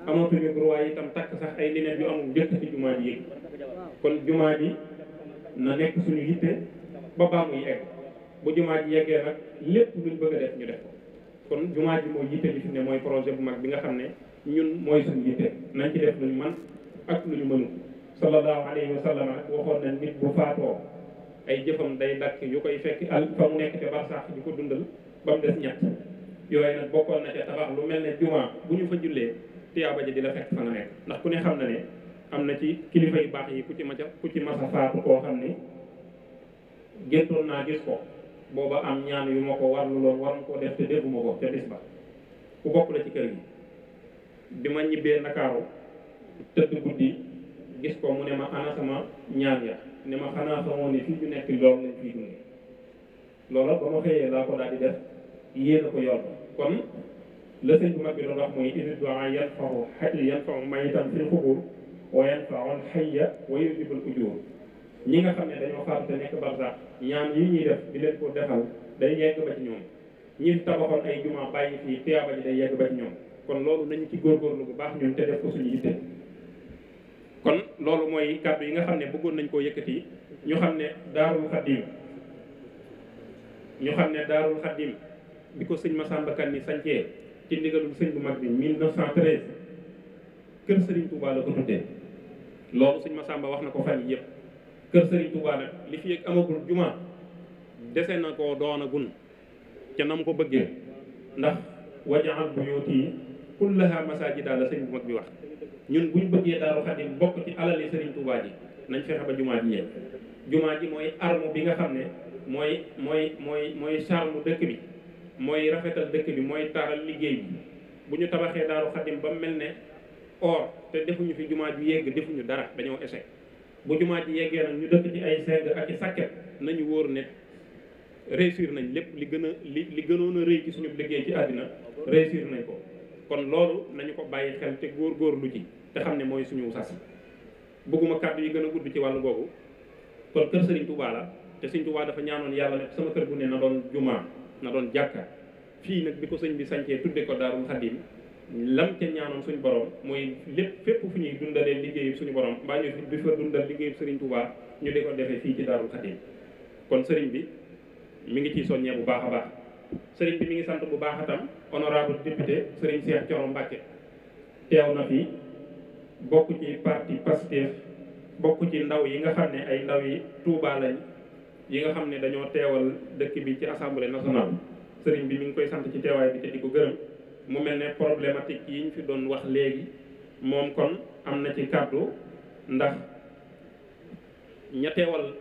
amatuñu droit itam takk sax ay leneen yu amul njëkk te jumaa ji yëgul kon jumaa ji na nekk suñu yitte ba baa muy egg bu jumaa ji yeggee nag lépp luñ bëgg def ñu def ko kon jumaa ji mooy yitte bi fi ne mooy projet bu mag bi nga xam ne ñun mooy suñu yitte nañ ci def luñu man ak lu ñu mënu sallallahu alayhi wa sallam nag waxoon na nit bu faatoo ay jëfam day dakk yu koy fekk al fa mu nekk ca barsaax di ko dundal ba mu des ñett yooyu nag bokkoon na ca tabax lu mel ne jumaa bu ñu fa jullee tiyaaba ji di la fekk fa nga nekk ndax ku ne xam na ne am na ci kilifa yu baax yi ku ci maca ku ci masa faatu koo xam ne géntoon naa gis ko booba am ñaan yu ma ko warlu loon war ma koo def te dégguma ko ca dis ba ku bokk la ci kër gi bi ma ñibbee Ndakaaru tëdd guddi gis ko mu ne ma ana sama ñaar ya ne ma xanaa xamoo ne fii ñu nekk loolu lañ fiy dundee loola ba ma xëyee laa ko daal di def yéen a ko yor kon la sëñ bu mag bi doon wax mooy indi doa yan faxu xay yan faxu mayitan fil xubur wa yan faxul xayya wa yujibul ujur ñi nga xam ne dañoo faatu te nekk barsax ñaan yi ñuy def di leen ko defal day yegg ba ci ñoom ñi tabaxoon ay jumaa bàyyi fii tiyaaba ji day yegg ba ci ñoom kon loolu nañu ci góorgóorlu bu baax ñun te def ko suñu yitte kon loolu mooy kàddu yi nga xam ne bëggoon nañ koo yëkkati ñu xam ne daarul xaddiim ñu xam ne daarul xaddiim bi ko sëñ ma Massamba Kanni sancee ci ndigalul sëñ bu mag bi 1913 kër sëriñ Touba la ko tuddee loolu sëñ Massamba wax na ko fan yëpp kër sëriñ Touba nag li fi yëg amagul juma dese na ko doon a gun ca nam ko bëggee ndax wajaxal bu yóoti kullaha masajida la sëñ bu mag bi wax ñun ñu bëggee Daaru Xadim bokk ci alali sëriñ Tuubaa ji nañ fexe ba jumaa ji ñëw jumaa ji mooy arme bi nga xam ne mooy mooy mooy mooy charme dëkk bi mooy rafetal dëkk bi mooy taaral liggéey bi bu ñu tabaxee Daaru Xadim ba mel ne or te defuñu fi jumaa ji yegg defuñu dara dañoo échec bu jumaa ji yeggee nag ñu dëkk ci ay seng ak i sàkket nañu wóor ne réussir nañ lépp li gën a li li gënoon a rëy ci suñu liggéey ci àddina réussir nañ ko kon loolu nañu ko bàyyi xel te góor-góorlu ci te xam ne mooy suñu sas bëgguma kàddu yi gën a gudd ci wàllu googu kon kër Serigne Touba la te Serigne Touba dafa ñaanoon yàlla ne sama kër gu ne na doon jumaa na doon jàkka fii nag bi ko sëñ bi sancee tudde ko Daarul Xadim lam ca ñaanoon suñu borom mooy lépp fépp fu ñuy dundalee liggéeyu suñu borom mbaa ñu di fa dundal liggéeyu Serigne Touba ñu de ko defee fii ci Daarul Xadim kon sëriñ bi mi ngi ciy soññee bu baax a baax bi mi ngi sant bu baax a tam honorable député Serigne Cheikh Thioro Mbacké teew na fi bokk ci parti Pastef bokku ci ndaw yi nga xam ne ay ndaw yi Touba yi nga xam ne dañoo teewal dëkk bi ci assemblée national mm-hmm. sëriñ bi mu ngi koy sant ci teewaay bi te di ko gërëm mu mel ne problématique yi ñu fi doon wax léegi moom kon am na ci kàddu ndax ña teewal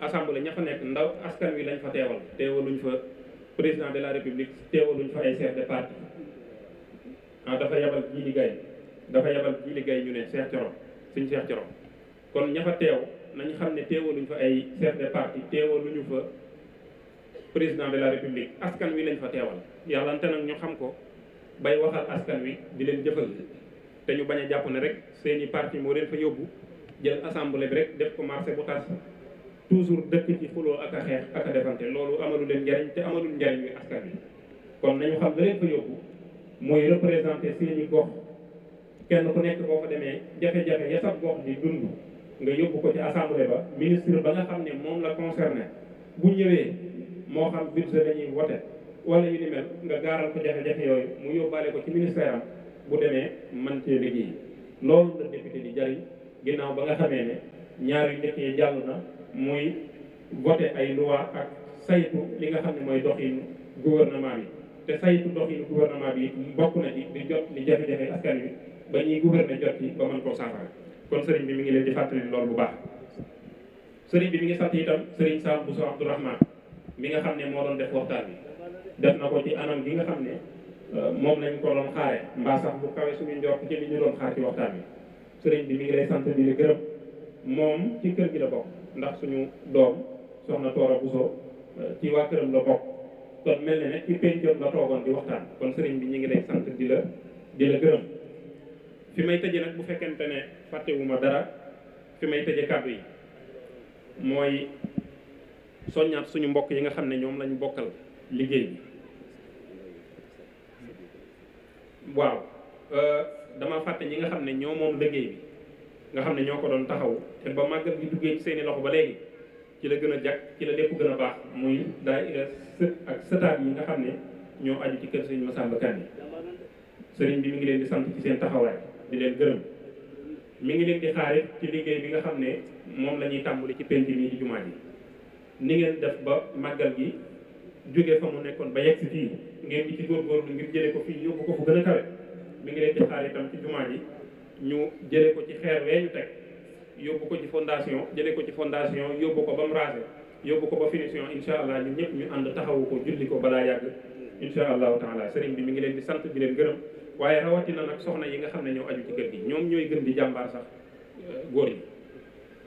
assemblée ña fa nekk ndaw askan wi lañ fa teewal teewaluñ fa président de la république teewaluñ fa ay chef de parti ah dafa yabal ji liggéey dafa yabal ji liggéey ñu ne Cheikh Thioro suñ Cheikh Thioro kon ña fa teew nañ xam ne teewaluñ fa ay chef de parti ñu fa président de la république askan wi lañ fa teewal yàllante nag ñu xam ko bay waxal askan wi di leen jëfal te ñu bañ a jàpp ne rek seeni parti moo leen fa yóbbu jën assemblée bi rek def ko marché bu tas toujours dëkk ci xuloo ak xeex ak a defante loolu amalu leen njariñ te amalul njariñ wi askan bi kon nañu xam la ko fa yóbbu mooy représenté seeni gox kenn ku nekk boo fa demee jafe-jafe ya sab gox di dund nga yóbbu ko ci assemblée ba ministre ba nga xam ne moom la concerné bu ñëwee moo xam budget dañuy wote wala yu ni mel nga gaaral ko jafe-jafe yooyu mu yóbbaale ko ci ministère am bu demee man cee liggéey loolu la député di jariñ ginnaaw ba nga xamee ne ñaari njëkk yi jàll na muy voté ay loi ak saytu li nga xam ne mooy doxinu gouvernement bi te saytu doxinu gouvernement bi bokk na ci di jot li jafe-jafe askan wi ba ñuy gouverner jot ci ba mën koo saafara kon sëriñ bi mi ngi leen di fàttali lool bu baax sëriñ bi mi ngi sant itam sëriñ Sam Bousso Abdourahmane bi nga xam ne moo doon def waxtaan bi def na ko ci anam gi nga xam ne euh, moom lañ ko doon xaare mbaa sax bu kawe suñu njort ci li ñu doon xaar ci waxtaan bi sëriñ bi mi ngi lay sant di la gërëm moom ci kër gi la bokk ndax suñu doom soxna Toora Bousso eh, ci waa këram la bokk kon mel na ne ci pencam la toogoon di waxtaan kon sëriñ bi ñu ngi lay sant di la di la gërëm fi may tëje nag bu fekkente ne fàttewuma dara fi may tëje kàddu yi mooy soññaat suñu mbokk yi nga xam ne ñoom lañu bokkal liggéey bi waaw eh, dama fàtte ñi nga xam ne ñoo liggéey bi nga xam ne ñoo ko doon taxaw te ba màggat gi duggee ci seeni loxo ba léegi ci la gën a jàkk ci la lépp gën a baax muy daayira sët ak sëtaat yi nga xam ne ñoo aju ci kër sëriñ Massamba yi sëriñ bi mi ngi leen di sant ci seen taxawaay di leen gërëm mu ngi leen di xaarit ci liggéey bi nga xam ne moom la ñuy tàmbali ci penc mi ci jumaa ji ni ngeen def ba màggal gi jógee fa mu nekkoon ba yegg si fii ngeen di ci góorgóorlu ngir jëlee ko fii yóbbu ko fu gën a kawe mi ngi leen di ci jumaa ji ñu jëlee ko ci xeer wee teg yóbbu ko ci fondation jëlee ko ci fondation yóbbu ko ba mu raase yóbbu ko ba finition incha allah ñun ñëpp ñu ànd taxawu ko julli ko ba balaa yàgg incha allahu taala sëriñ bi mu ngi leen di sant di leen gërëm waaye rawatina nag soxna yi nga xam ne ñoo aju ci kër gi ñoom ñooy gën di jàmbaar sax euh, góor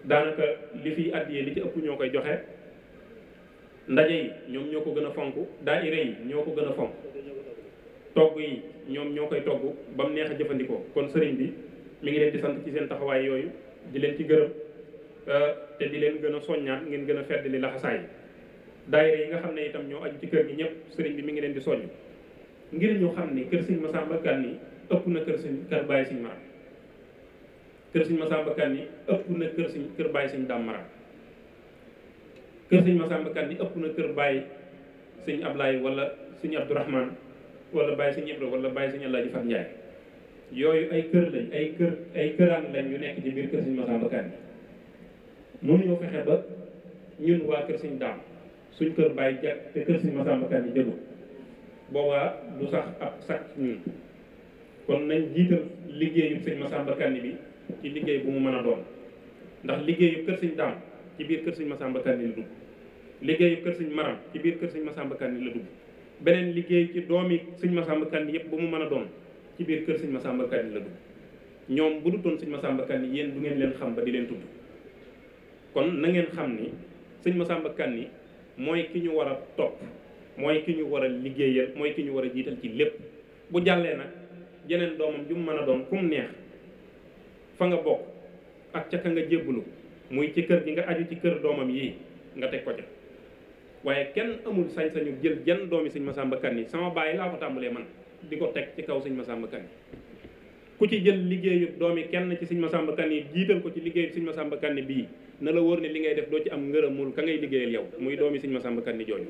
daanaka li fiy addiyee li ci ëpp ñoo koy joxe ndaje yi ñoom ñoo ko gën a fonk daayira yi ñoo ko gën a fonk togg yi ñoom ñoo koy togg ba neex a jëfandikoo kon sëriñ bi mu ngi leen di sant ci seen taxawaay yooyu di leen ci gërëm eh, te di leen gën a soññaat ngeen gën a fedd li laxasaay daayira yi nga xam ne itam ñoo aju ci kër gi ñëpp sëriñ bi mi ngi leen di soññ ngir ñoo xam ni kër siñ Masamba ni ëpp na kër siñ kër bàyyi sëñ Mara kër sëñ Masamba Kanni ëpp na kër sëñ kër bàyyi sëñ Dame Mara kër sëñ Masamba Kanni ëpp na kër bàyyi sëñ Ablaye wala sëñ Abdourahmane wala bàyyi sëñ Ibra wala bàyyi sëñ Alaaji Fat Njaay yooyu ay kër lañ ay kër ay këraan lañ yu nekk ci biir kër sëñ Massamba Kanni mënuñoo fexe ba ñun waa kër sëñ daam suñ kër bàyyi jàkk te kër sëñ Massamba Kanni boobaa du sax ab sàcc ñun kon jiital liggéeyu sëñ Massamba Kanni bi ci liggéey bu mu mën a doon ndax liggéeyu kër sëñ daam ci biir kër sëñ Massamba Kanni la kër sëñ maram ci biir kër sëñ Massamba Kanni la dugg beneen liggéey ci doomi sëñ Massamba Kanni yëpp bu mu mën a doon ci biir kër sëñ Massamba Kanni la dugg ñoom bu dutoon sëñ Massamba Kanni yéen du ngeen leen xam ba di leen tudd kon na ngeen xam ni sëñ Massamba Kanni mooy ki ñu war a topp mooy ki ñu war a mooy ki ñu war a jiital ci lépp bu jàllee nag jeneen doomam ju mu mën a doon ku mu neex fa nga bokk ak ca ka nga jébbalu muy ci kër gi nga aju ci kër doomam yii nga teg ko ca waaye kenn amul sañ-sañu jël jenn doomi sëñ Massamba Kanni sama bàyyi laa ko tàmbalee man di ko teg ci kaw sëñ Masamba Kan ku ci jël liggéeyu doomi kenn ci sëñ ma Kan yi jiital ko ci liggéeyu sëñ Masamba Kan bii na la wóor ne ngay def doo ci am ngërëmul ka ngay liggéeyal yow muy doomi sëñ Masamba Kan jooju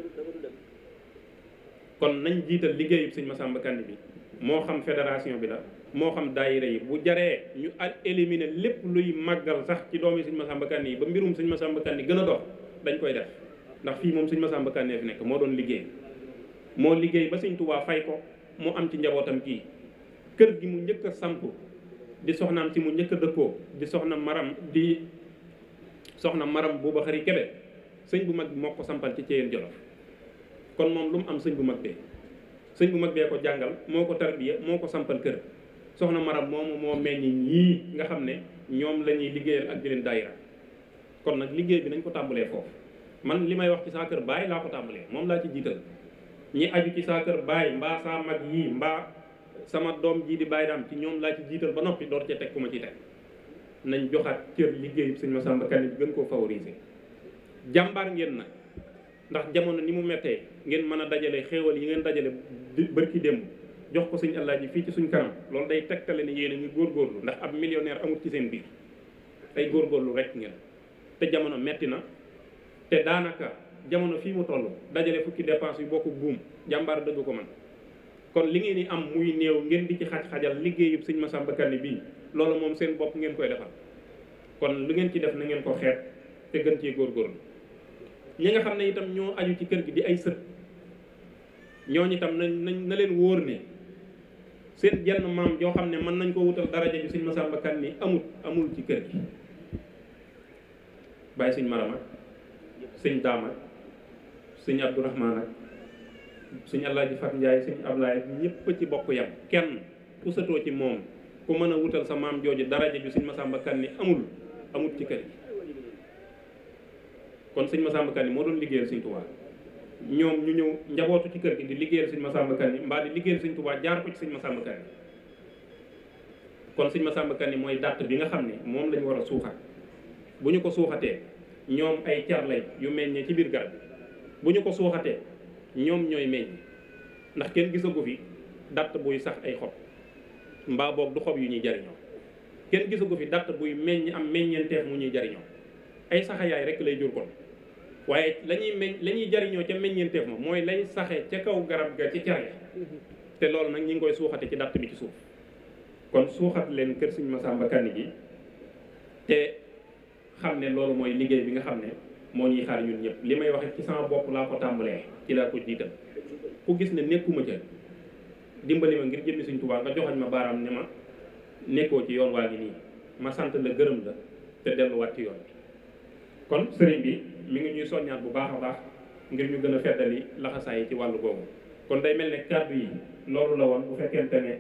kon nañ jiital liggéeyu sëñ Masamba Kan bi moo xam fédération bi la moo xam daayira yi bu jaree ñu al éliminer lépp luy màggal sax ci doomi sëñ Masamba Kan yi ba mbirum sëñ ma Kan yi gën a dox dañ koy def ndax fii moom sëñ Masamba Kan fi nekk moo doon liggéey moo liggéey ba sëñ Tuubaa fay ko mu am ci njabootam kii kër gi mu njëkk a samp di soxnaam ci mu njëkk a dëkkoo di soxna maram di soxna maram boobu xari kebe sëñ bu mag bi moo ko sampal ci Ceyeen Jolof kon moom lu mu am sëñ bu mag bee sëñ bu mag bee ko jàngal moo ko tarbiya moo ko sampal kër soxna maram moomu moo meññ ñii nga xam ne ñoom lañuy ñuy ak di leen kon nag liggéey bi nañ ko tàmbalee foofu man li may wax ci saa kër bàyyi laa ko tàmbalee moom laa ci jiital ñi aju ci saa kër baay mbaa saa mag yii mbaa sama doom jii di bàyyi daam ci ñoom laa ci jiital ba noppi door ca teg ku ma ci teg nañ joxaat cër liggéeyub sëñ Massamba Kanni bi gën koo favoriser jàmbaar ngeen na ndax jamono ni mu mettee ngeen mën a dajale xéewal yi ngeen dajale bërki démb jox ko sëñ Alaaji fii ci suñ kanam loolu day tegtale ne yéen a ngi góorgóorlu ndax ab millionnaire amul ci seen biir ay góorgóorlu rekk ngeen te jamono metti na te daanaka jamono fii mu toll dajale fukki dépense yu bokk buum jàmbaar dëgg ko man kon li ngeen di am muy néew ngeen di ci xaj-xajal liggéeyub sëñ Massamba kani bii loolu moom seen bopp ngeen koy defal kon lu ngeen ci def na ngeen ko xeet te gën cee góorgóorlu ñi nga xam ne itam ñoo aju ci kër gi di ay sët ñooñu itam nañ na leen wóor ne seen jenn maam yoo xam ne mën nañ ko wutal daraja ju sëñ Massamba Kanni amut amul ci kër gi bàyyi sëñ Marama sëñ Daama sëñ Abdou Rahman ak sëñ Alaaji Fat Njaay sëñ Ablaay ñëpp ci bokk yam kenn ku satoo ci moom ku mën a wutal sa maam jooju daraja ju sëñ Masamba ni amul amul ci kër gi kon sëñ ma Kanni moo doon liggéeyal sëñ Tuubaa ñoom ñu ñëw njabootu ci kër gi di liggéeyal sëñ Masamba Kanni mbaa di liggéeyal sëñ Tuubaa jaar ci sëñ Masamba Kanni kon sëñ Masamba mooy dàtt bi nga xam ne moom lañu war a suuxat bu ñu ko suuxatee ñoom ay car lay yu meññee ci biir garab bi bu ñu ko suuxatee ñoom ñooy meññ ndax kenn gisagu fi datt buy sax ay xob mbaa boog du xob yu ñuy jariñoo kenn gisagu fi datt buy meññ am meññeenteef mu ñuy jariñoo ay saxayaay rek lay jur kon waaye lañuy meññ la ñuy jariñoo ca meññeenteef ma mooy lay saxe ca kaw garab ga ci cer te loolu nag ñi ngi koy suuxate ci datt bi ci suuf kon suuxat leen kër ma Masamba Kanni ji te xam ne loolu mooy liggéey bi nga xam ne moo ñuy xaar ñun ñëpp li may waxe ci sama bopp laa ko tàmbalee ci laa ko jiital ku gis ne nekkuma ca dimbali ma ngir jëmmi suñ Tuubaa nga joxañ ma baaraam ne ma nekkoo ci yoon waa ngi nii ma sant la gërëm la te delluwaat ci yoon kon sëriñ bi mu ngi ñuy soññaat bu baax a baax ngir ñu gën a feddali laxasaay ci wàllu boobu kon day mel ne kàddu yi loolu la woon bu fekkente ne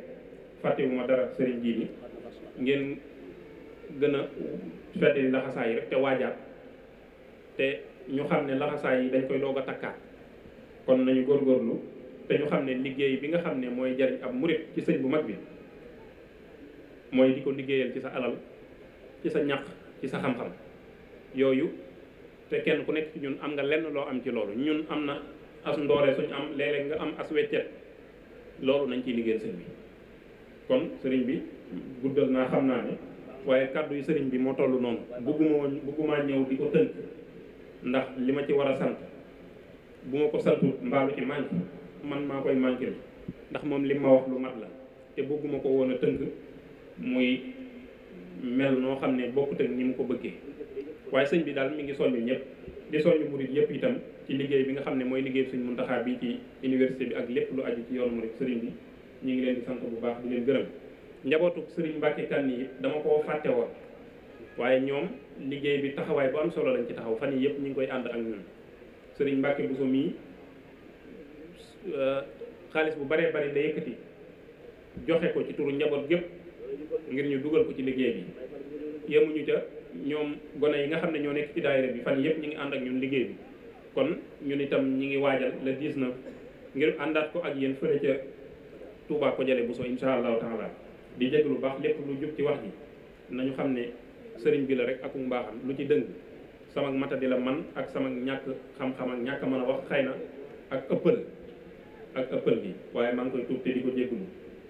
ma dara sëriñ ji bi ngeen gën a feddali laxasaay rek te waajaat te ñu xam ne laxasaay yi dañ koy doog a takkaat kon nañu góorgóorlu te ñu xam ne liggéey bi nga xam ne mooy jariñ ab murit ci sëñ bu mag bi mooy di ko liggéeyal ci sa alal ci sa ñaq ci sa xam-xam yooyu te kenn ku nekk ci ñun am nga lenn loo am ci loolu ñun am na as ndoore suñu am léeg nga am as weccet loolu nañ ciy liggéeyal sëñ bi kon sëriñ bi guddal naa xam naa ne waaye kàddu yi sëriñ bi moo tollu noonu bëgguma woon bëggumaa ñëw di ko ndax li ma ci war a sant bu ma ko santu mbaalu ci manqué man maa koy manqué bi ndax moom li ma wax lu mat la te bëgguma ko woon a tënk muy mel noo xam ne bokkut ak ni mu ko bëggee waaye sëñ bi daal mi ngi soññu ñëpp di soññu murit yëpp itam ci liggéey bi nga xam ne mooy liggéey sëñ Muntaxa bii ci université bi ak lépp lu aju ci yoonu murit sëriñ bi ñu ngi leen di sant bu baax di leen gërëm njabootu sëriñ Mbàkke Kan yi dama koo fàtte woon waaye ñoom liggéey bi taxawaay boo am solo lañ ci taxaw fan yi yëpp ñu ngi koy ànd ak ñun sëriñ Mbàkke Bousso mii euh, xaalis bu baree bari da yëkkati joxe ko ci turu njaboot gépp ngir ñu dugal ko ci liggéey bi yemuñu ca ñoom gone yi nga xam ne ñoo nekk ci daayira bi fan yëpp ñu ngi ànd ak ñun liggéey bi kon ñun itam ñu ngi waajal le na ngir àndaat ko ak yéen fële ca Touba ko jale bu so insha allahu taala di jégg lu baax lépp lu jub ci wax ji nañu xam ne sëriñ bi la rek ak mbaaxam lu ci dëng sama mata di la man ak sama ñàkk xam-xam ak ñàkk mën a wax xëy na ak ëppal ak ëppal bi waaye maa ngi koy tuub te di ko jéggulu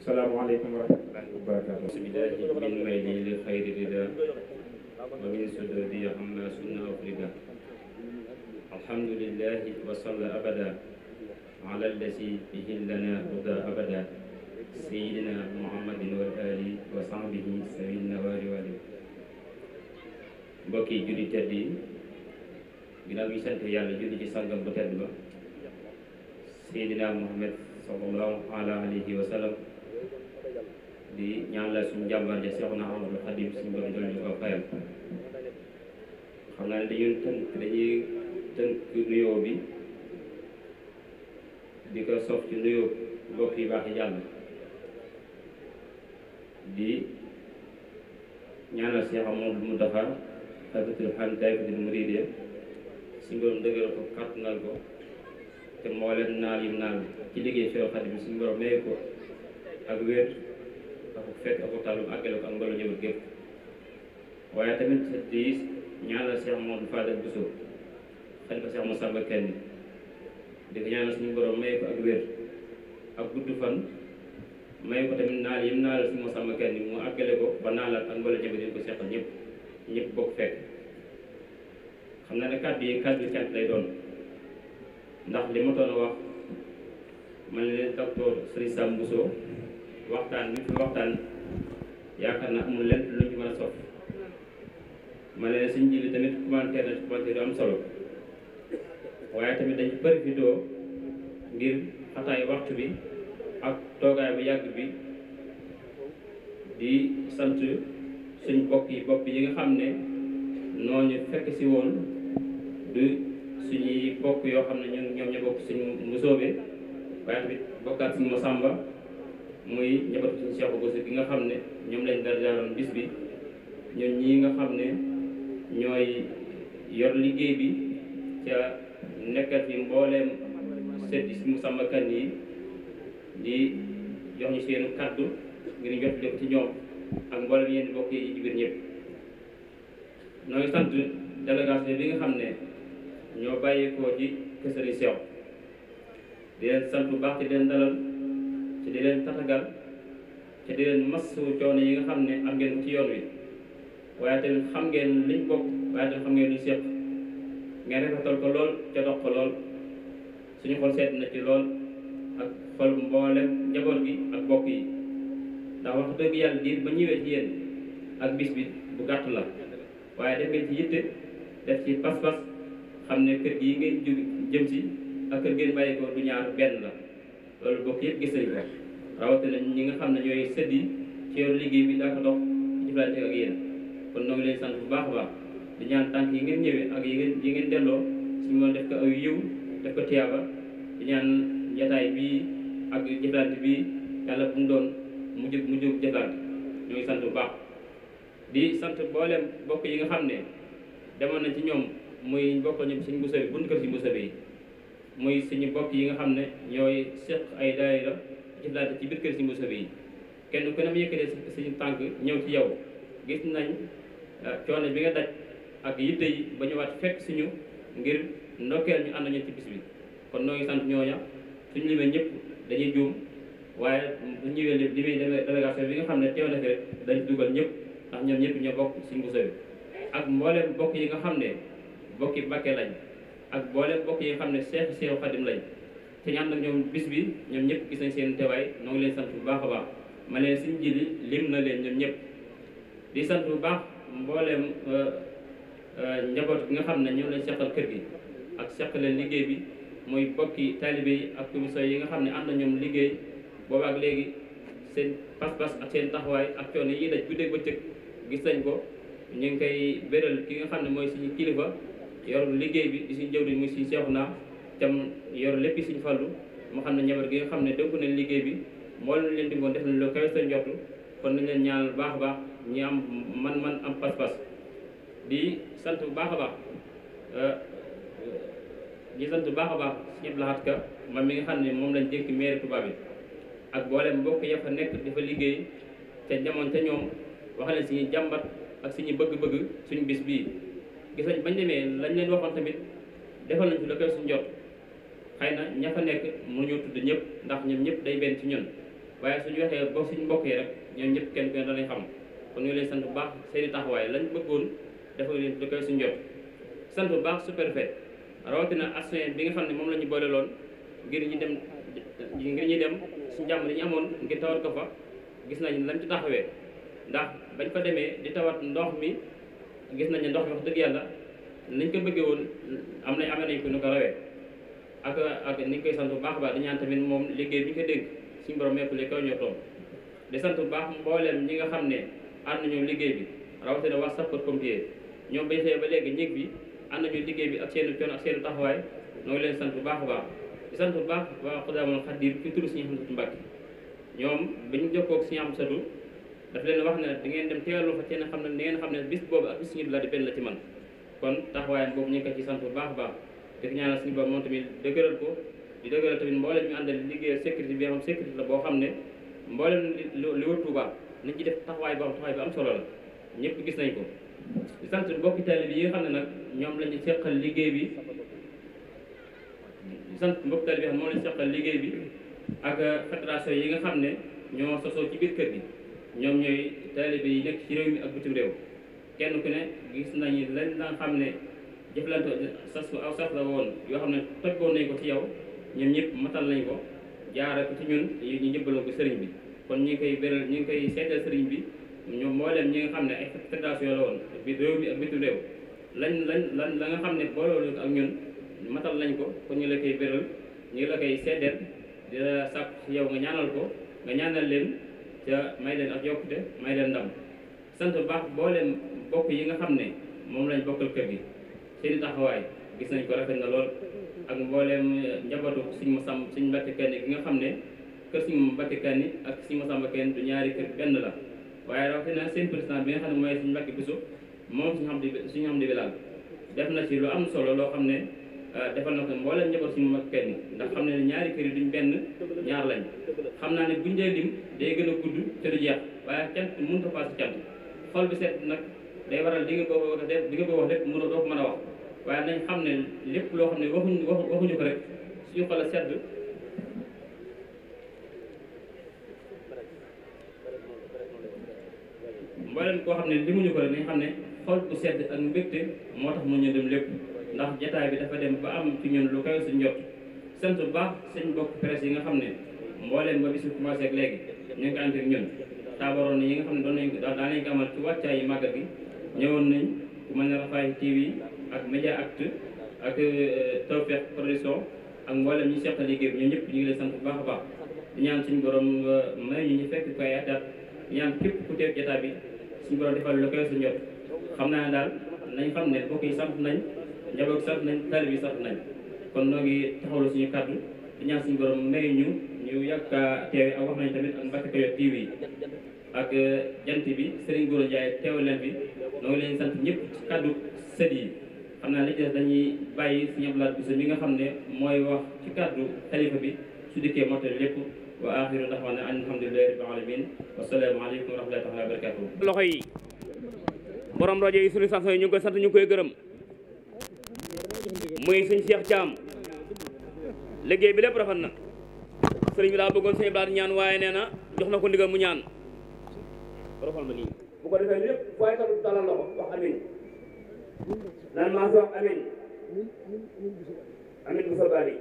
salaamaaleykum wa rahmatullahi wa barakaatu bismillahi min may nii li xayri rida wa min sudodi xam naa sunna af rida alhamdulillahi wa salla abada ala allasi bihi lana huda abada sayidina muhammadin wa ali wa sahbihi sawin nawaari wali mbokk yi julli tedd yi ginnaaw bi sant yàlla julli ci sangam bu tedd ba Seydina Muhammad sallallahu alayhi wa di ñaan la suñu jàmbaar ja Seexuna Ahmadul Xadim suñu borom doon ñu ko xam naa bi di ko sof ci nuyoo mbokk yi baax xabitul xan daykotil muride suñu borom dëgëral ko kàttanal ko te moo leen naal yim naal ci liggéey feew xadi bi suñu borom may ko ak wér ak fekk ak talum àggale ko ak mbooloo ñëwut gépp waaye tamit di ñaanal Cheikh Modou Fadel Bousso xalifa Cheikh Massamba Kanni di ko ñaanal suñu borom may ko ak wér ak gudd fan may ko tamit naal yim naal Cheikh Massamba Kanni mu àggale ko ba naalaat ak mbooloo ñëwut ko seqal ñëpp ñëpp bokk fekk xam naa ne kàddu yi kàddu cant lay doon ndax li ma doon wax man leen docteur Serigne Sam Bousso waxtaan bi fi waxtaan yaakaar naa amul lenn lu ñu mën a sof ma leen suñ jili tamit commentaire na ci commentaire yu am solo waaye tamit dañ profité ngir xataay waxtu bi ak toogaay bu yàgg bi di sant suñ bokk yi bopp yi nga xam ne nooñu fekk si woon du suñuy bokk yoo xam ne ñun ñoom ñoo bokk suñ musóobe waaye bokkaat suñ Masamba muy ñëbatu suñ bi nga xam ne ñoom lañ darjaaloon bis bi ñun ñii nga xam ne ñooy yor liggéey bi ca nekkat yi mbooleem seddi si Masamba kan yi di jox ñu seen kàddu ngir jot lépp ci ñoom ak mboolem yéen bokk yi ci biir ñëpp ñoo ngi sant délégation bi nga xam ne ñoo bàyyeekoo ci kër Serigne Cheikh di leen sant bu baax ci leen dalal ci di leen tatagal ci di leen massu coono yi nga xam ne am ngeen ci yoon wi waaye tamit xam ngeen liñ bokk waaye tamit xam ngeen liñ seq ngeen rafetal ko lool ca dox ko lool suñu ko seet na ci lool ak xol mboolem njaboot bi ak bokk yi. ndax wax dëgg yàlla diir ba ñëwee ci yéen ak bis bi bu gàtt la waaye def ngeen ci yitte def ci pas-pas xam ne kër gi ngeen jóg jëm si ak kër ngeen bàyyi ko du ñaar benn la loolu bokk yëpp gis nañ ko rawatina ñi nga xam ne ñooy sëdd yi ci yoon liggéey bi daa ko dox jëflante ak yéen kon noo bu baax a ñaan tànk yi ngeen ak yi ngeen yi def ko aw yiw def ko tiyaaba di ñaan jataay bii ak jëflante bi yàlla bu mu doon mu jë mu jëm jëflante ñu ngi sant bu baax bi sant mboolem bokk yi nga xam ne demoon nañ ci ñoom muy mbokk ñoom suñ Bousso bi bunt kër suñ Bousso bi muy suñu mbokk yi nga xam ne ñooy seq ay daayira jëflante ci biir kër suñ Bousso bi kenn ku ne mu yëkkatee suñu tànk ñëw ci yow gis nañ ah, coono bi nga daj ak yitte yi ba ñëwaat fekk siñu ngir ndokkeel ñu ànd nañu ci bis bi kon noo ngi sant ñooña suñu limee ñëpp dañuy juum waaye ñëwee li li muy délégation bi nga xam ne teew na fi dañ dugal ñëpp ndax ñoom ñëpp ñoo bokk si Bousso bi ak mbooleem bokk yi nga xam ne bokki Mbàkke lañ ak mbooleem bokk yi nga xam ne Seex Seex Xadim lañ ñaan nag ñoom bis bi ñoom ñëpp gis nañ seen teewaay noo ngi leen sant bu baax a baax ma leen Serigne Djily lim na leen ñoom ñëpp di sant bu baax mbooleem euh, euh, njaboot bi nga xam ne ñoo leen seqal kër gi ak seq leen liggéey bi muy bokki taalibe yi ak commission yi nga xam ne am na ñoom liggéey boobaak léegi seen pas-pas ak seen taxawaay ak coono yi daj guddeeg bëccëg gis nañ ko ñu ngi koy béral ki nga xam ne mooy suñu kilifa yor liggéey bi di suñu jëwriñ muy suñu seexu naa tam yor lépp suñu fàllu mu xam ne njaboot gi nga xam ne dënk nañ liggéey bi moo leen leen dingoon def nañ lu kawe seen jotu kon nañ leen ñaanal baax baax ñi am man-man am pas-pas di sant bu baax a baax euh, di sant bu baax a baax suñu laxat ka man mi nga xam ne moom lañ dénk maire Touba bi ak boolem mbokk ya fa nekk dafa liggéey te jamono te ñoom wax leen suñuy jàmbat ak ñu bëgg-bëgg suñu bis bii gis nañ bañ demee lañ leen waxoon tamit defal nañ ci la koy suñ jot xëy na ña fa nekk ñu tudd ñëpp ndax ñoom ñëpp day benn ci ñun waaye suñu waxee ba suñu mbokk yi rek ñoom ñëpp kenn kenn danañ xam kon ñu leen sant bu baax seeni taxawaay lañ bëggoon defal leen ci la koy suñ baax sous rawatina action bi nga xam ne moom lañu ñu boole loon ngir ñu dem ngir ñu dem ci njàmm li ñu amoon ngir tawat ko fa gis nañ lañ ci taxawee ndax bañ fa demee di tawat ndox mi gis nañ ne ndox mi wax dëgg yàlla niñ ko bëggee woon am nañ amee nañ ko nu ko rawee ak ak ni ñu koy sant bu baax baax di ñaan tamit moom liggéey bi ñu ko dégg suñu borom mépp li kaw ñortoom di sant bu baax mbooleem ñi nga xam ne ànd nañu liggéey bi rawatina waa sapeur pompier ñoom bañ fee ba léegi ñëg bi ànd nañu liggéey bi ak seen coono ak seen taxawaay bu baax baax di sant bu baax waa Xudaamul Xadir ci turu Sëriñ Amsatu Mbàkke ñoom bi ñu jokkoo ne da ngeen dem teewlu fa seen xam ne da ngeen xam ne bis boobu ak bis la di benn la ci man ñu ngi ko bu baax baax di ko ñaanal suñu bopp moom tamit dëgëral ko di dëgëral tamit mboolem ñu àndal liggéey sécurité bi xam la boo xam ne mboolem li wër Tuuba nañ ci def taxawaay boo xam am solo ñëpp gis nañ ko sant mbokki taalibe bi yi nga xam ne liggéey bi sant mbokk taalibe bi xam moo leen seqal liggéey bi ak fédération yi nga xam ne ñoo sosoo ci biir kër gi ñoom ñooy taalibe yi nekk ci réew mi ak bitim réew kenn ku ne gis nañu lañ la nga xam ne jëflante sas aw sas la woon yoo xam ne toggoon nañ ko ci yow ñoom ñëpp matal nañ ko jaara ko ci ñun ñu njëbbaloo ko sëriñ bi kon ñu ngi koy beral ñu ngi koy seetal sëriñ bi ñoom mbooleem ñi nga xam ne ay fédération la woon biir réew mi ak bitim réew lañ lañ lañ la nga xam ne booloo ak ñun matal nañ ko ko ñu la koy béral ñu la koy seddeel di la sàkk yow nga ñaanal ko nga ñaanal leen ca may leen ak yokkute may leen ndam sant baax boo bokk yi nga xam ne moom lañ bokkal kër gi seeni gis nañ ko rafet na lool ak mbooleem njabootu suñ masam suñ Mbàkke Kanni gi nga xam ne kër suñ ak suñ Masamba Kanni benn la waaye rawatina seen président bi nga xam ne mooy suñ Mbàkke Buso moom suñu xam di suñu xam di bi def na ci lu am solo loo xam ne Euh, defal na ko mbooleem njaboot suñu mag benn ndax xam ne ñaari kër yi duñ benn ñaar lañ xam naa ne buñ dee lim day gën a gudd te du jeex waaye cant mënut a paase cant xol bi seet nag day waral li nga ko wax li nga ko wax rek ko mën wax waaye nañ xam lépp loo xam ne waxuñ waxuñu rek suñu xol a sedd mbooleem koo xam ne limuñu ko rek nañ xam ne xol bu sedd ak mbégte moo tax mu ñu dem lépp ndax jataay bi dafa dem ba am ci ñun lu kawe suñ jot sant bu baax seen bokk presse yi nga xam ne mbooleem ba bi bu commencé ak léegi ñu ngi ko ànd ak ñun na yi nga xam ne doon nañ daan nañ ko amal ci wàccaay yi màggal ñëwoon nañ ku mën ne Rafah TV ak Média Actu ak euh, Tawfekh Production ak mboolem ñi seqal liggéey bi ñëpp ñu ngi leen sant bu baax a baax di ñaan suñu borom euh, ñu ñu fekk ko ay ataat ñaan képp ku teew jotaay bi suñu borom defal lu koy su njot xam naa ne daal nañ xam ne bokk yi sant nañ njaboot sax nañ tali bi sax nañ kon noo ngi si suñu kàddu di ñaan suñu borom may ñu ñu yàgg a teewe ak wax nañ tamit ak Mbacke Kadior TV yi ak euh, jant bi Serigne Gora Ndiaye teew leen bi noo ngi leen sant ñëpp ci kàddu sët yi xam naa li ci des dañuy bàyyi suñu ablaat nga xam ne mooy wax ci kàddu xalifa bi su dikkee mottali lépp wa axiru daxwaana an alhamdulilahi rabbil alamin wa salaamu aleykum wa rahmatullahi loxo yi borom rajo yi suñu sanso yi ñu ngi sant ñu koy muy sëñ Cheikh Thiam liggéey bi lépp rafet na sëriñ bi daa bëggoon sëñ Ibrahima ñaan waaye nee na jox na ko ndigal mu ñaan rafal ma nii bu ko defee lépp fooy talu talal loxo wax amin nan maa wax amin amin bu sa bari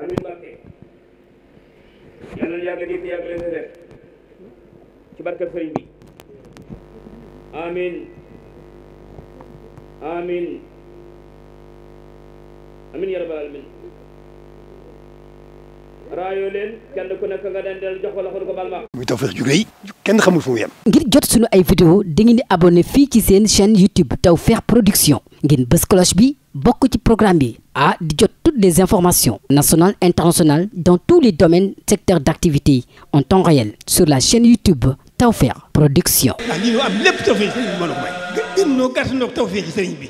amin barke yàlla yàgg dégg yàgg leen rek ci sëriñ bi amin amin amin ya rabbal alamin raayoo leen kenn ku nekk nga daan del jox wala xool ko baal ma. ngir jot sunu ay vidéo dangeen di abonné fii ci seen chaîne YouTube Tawfekh Production ngeen bës cloche bi bokk ci programme bi ah di jot toutes des informations national internationales dans tous les domaines secteurs d'activité en temps réel sur la chaîne YouTube Tawfekh Production. Ah, a may. gën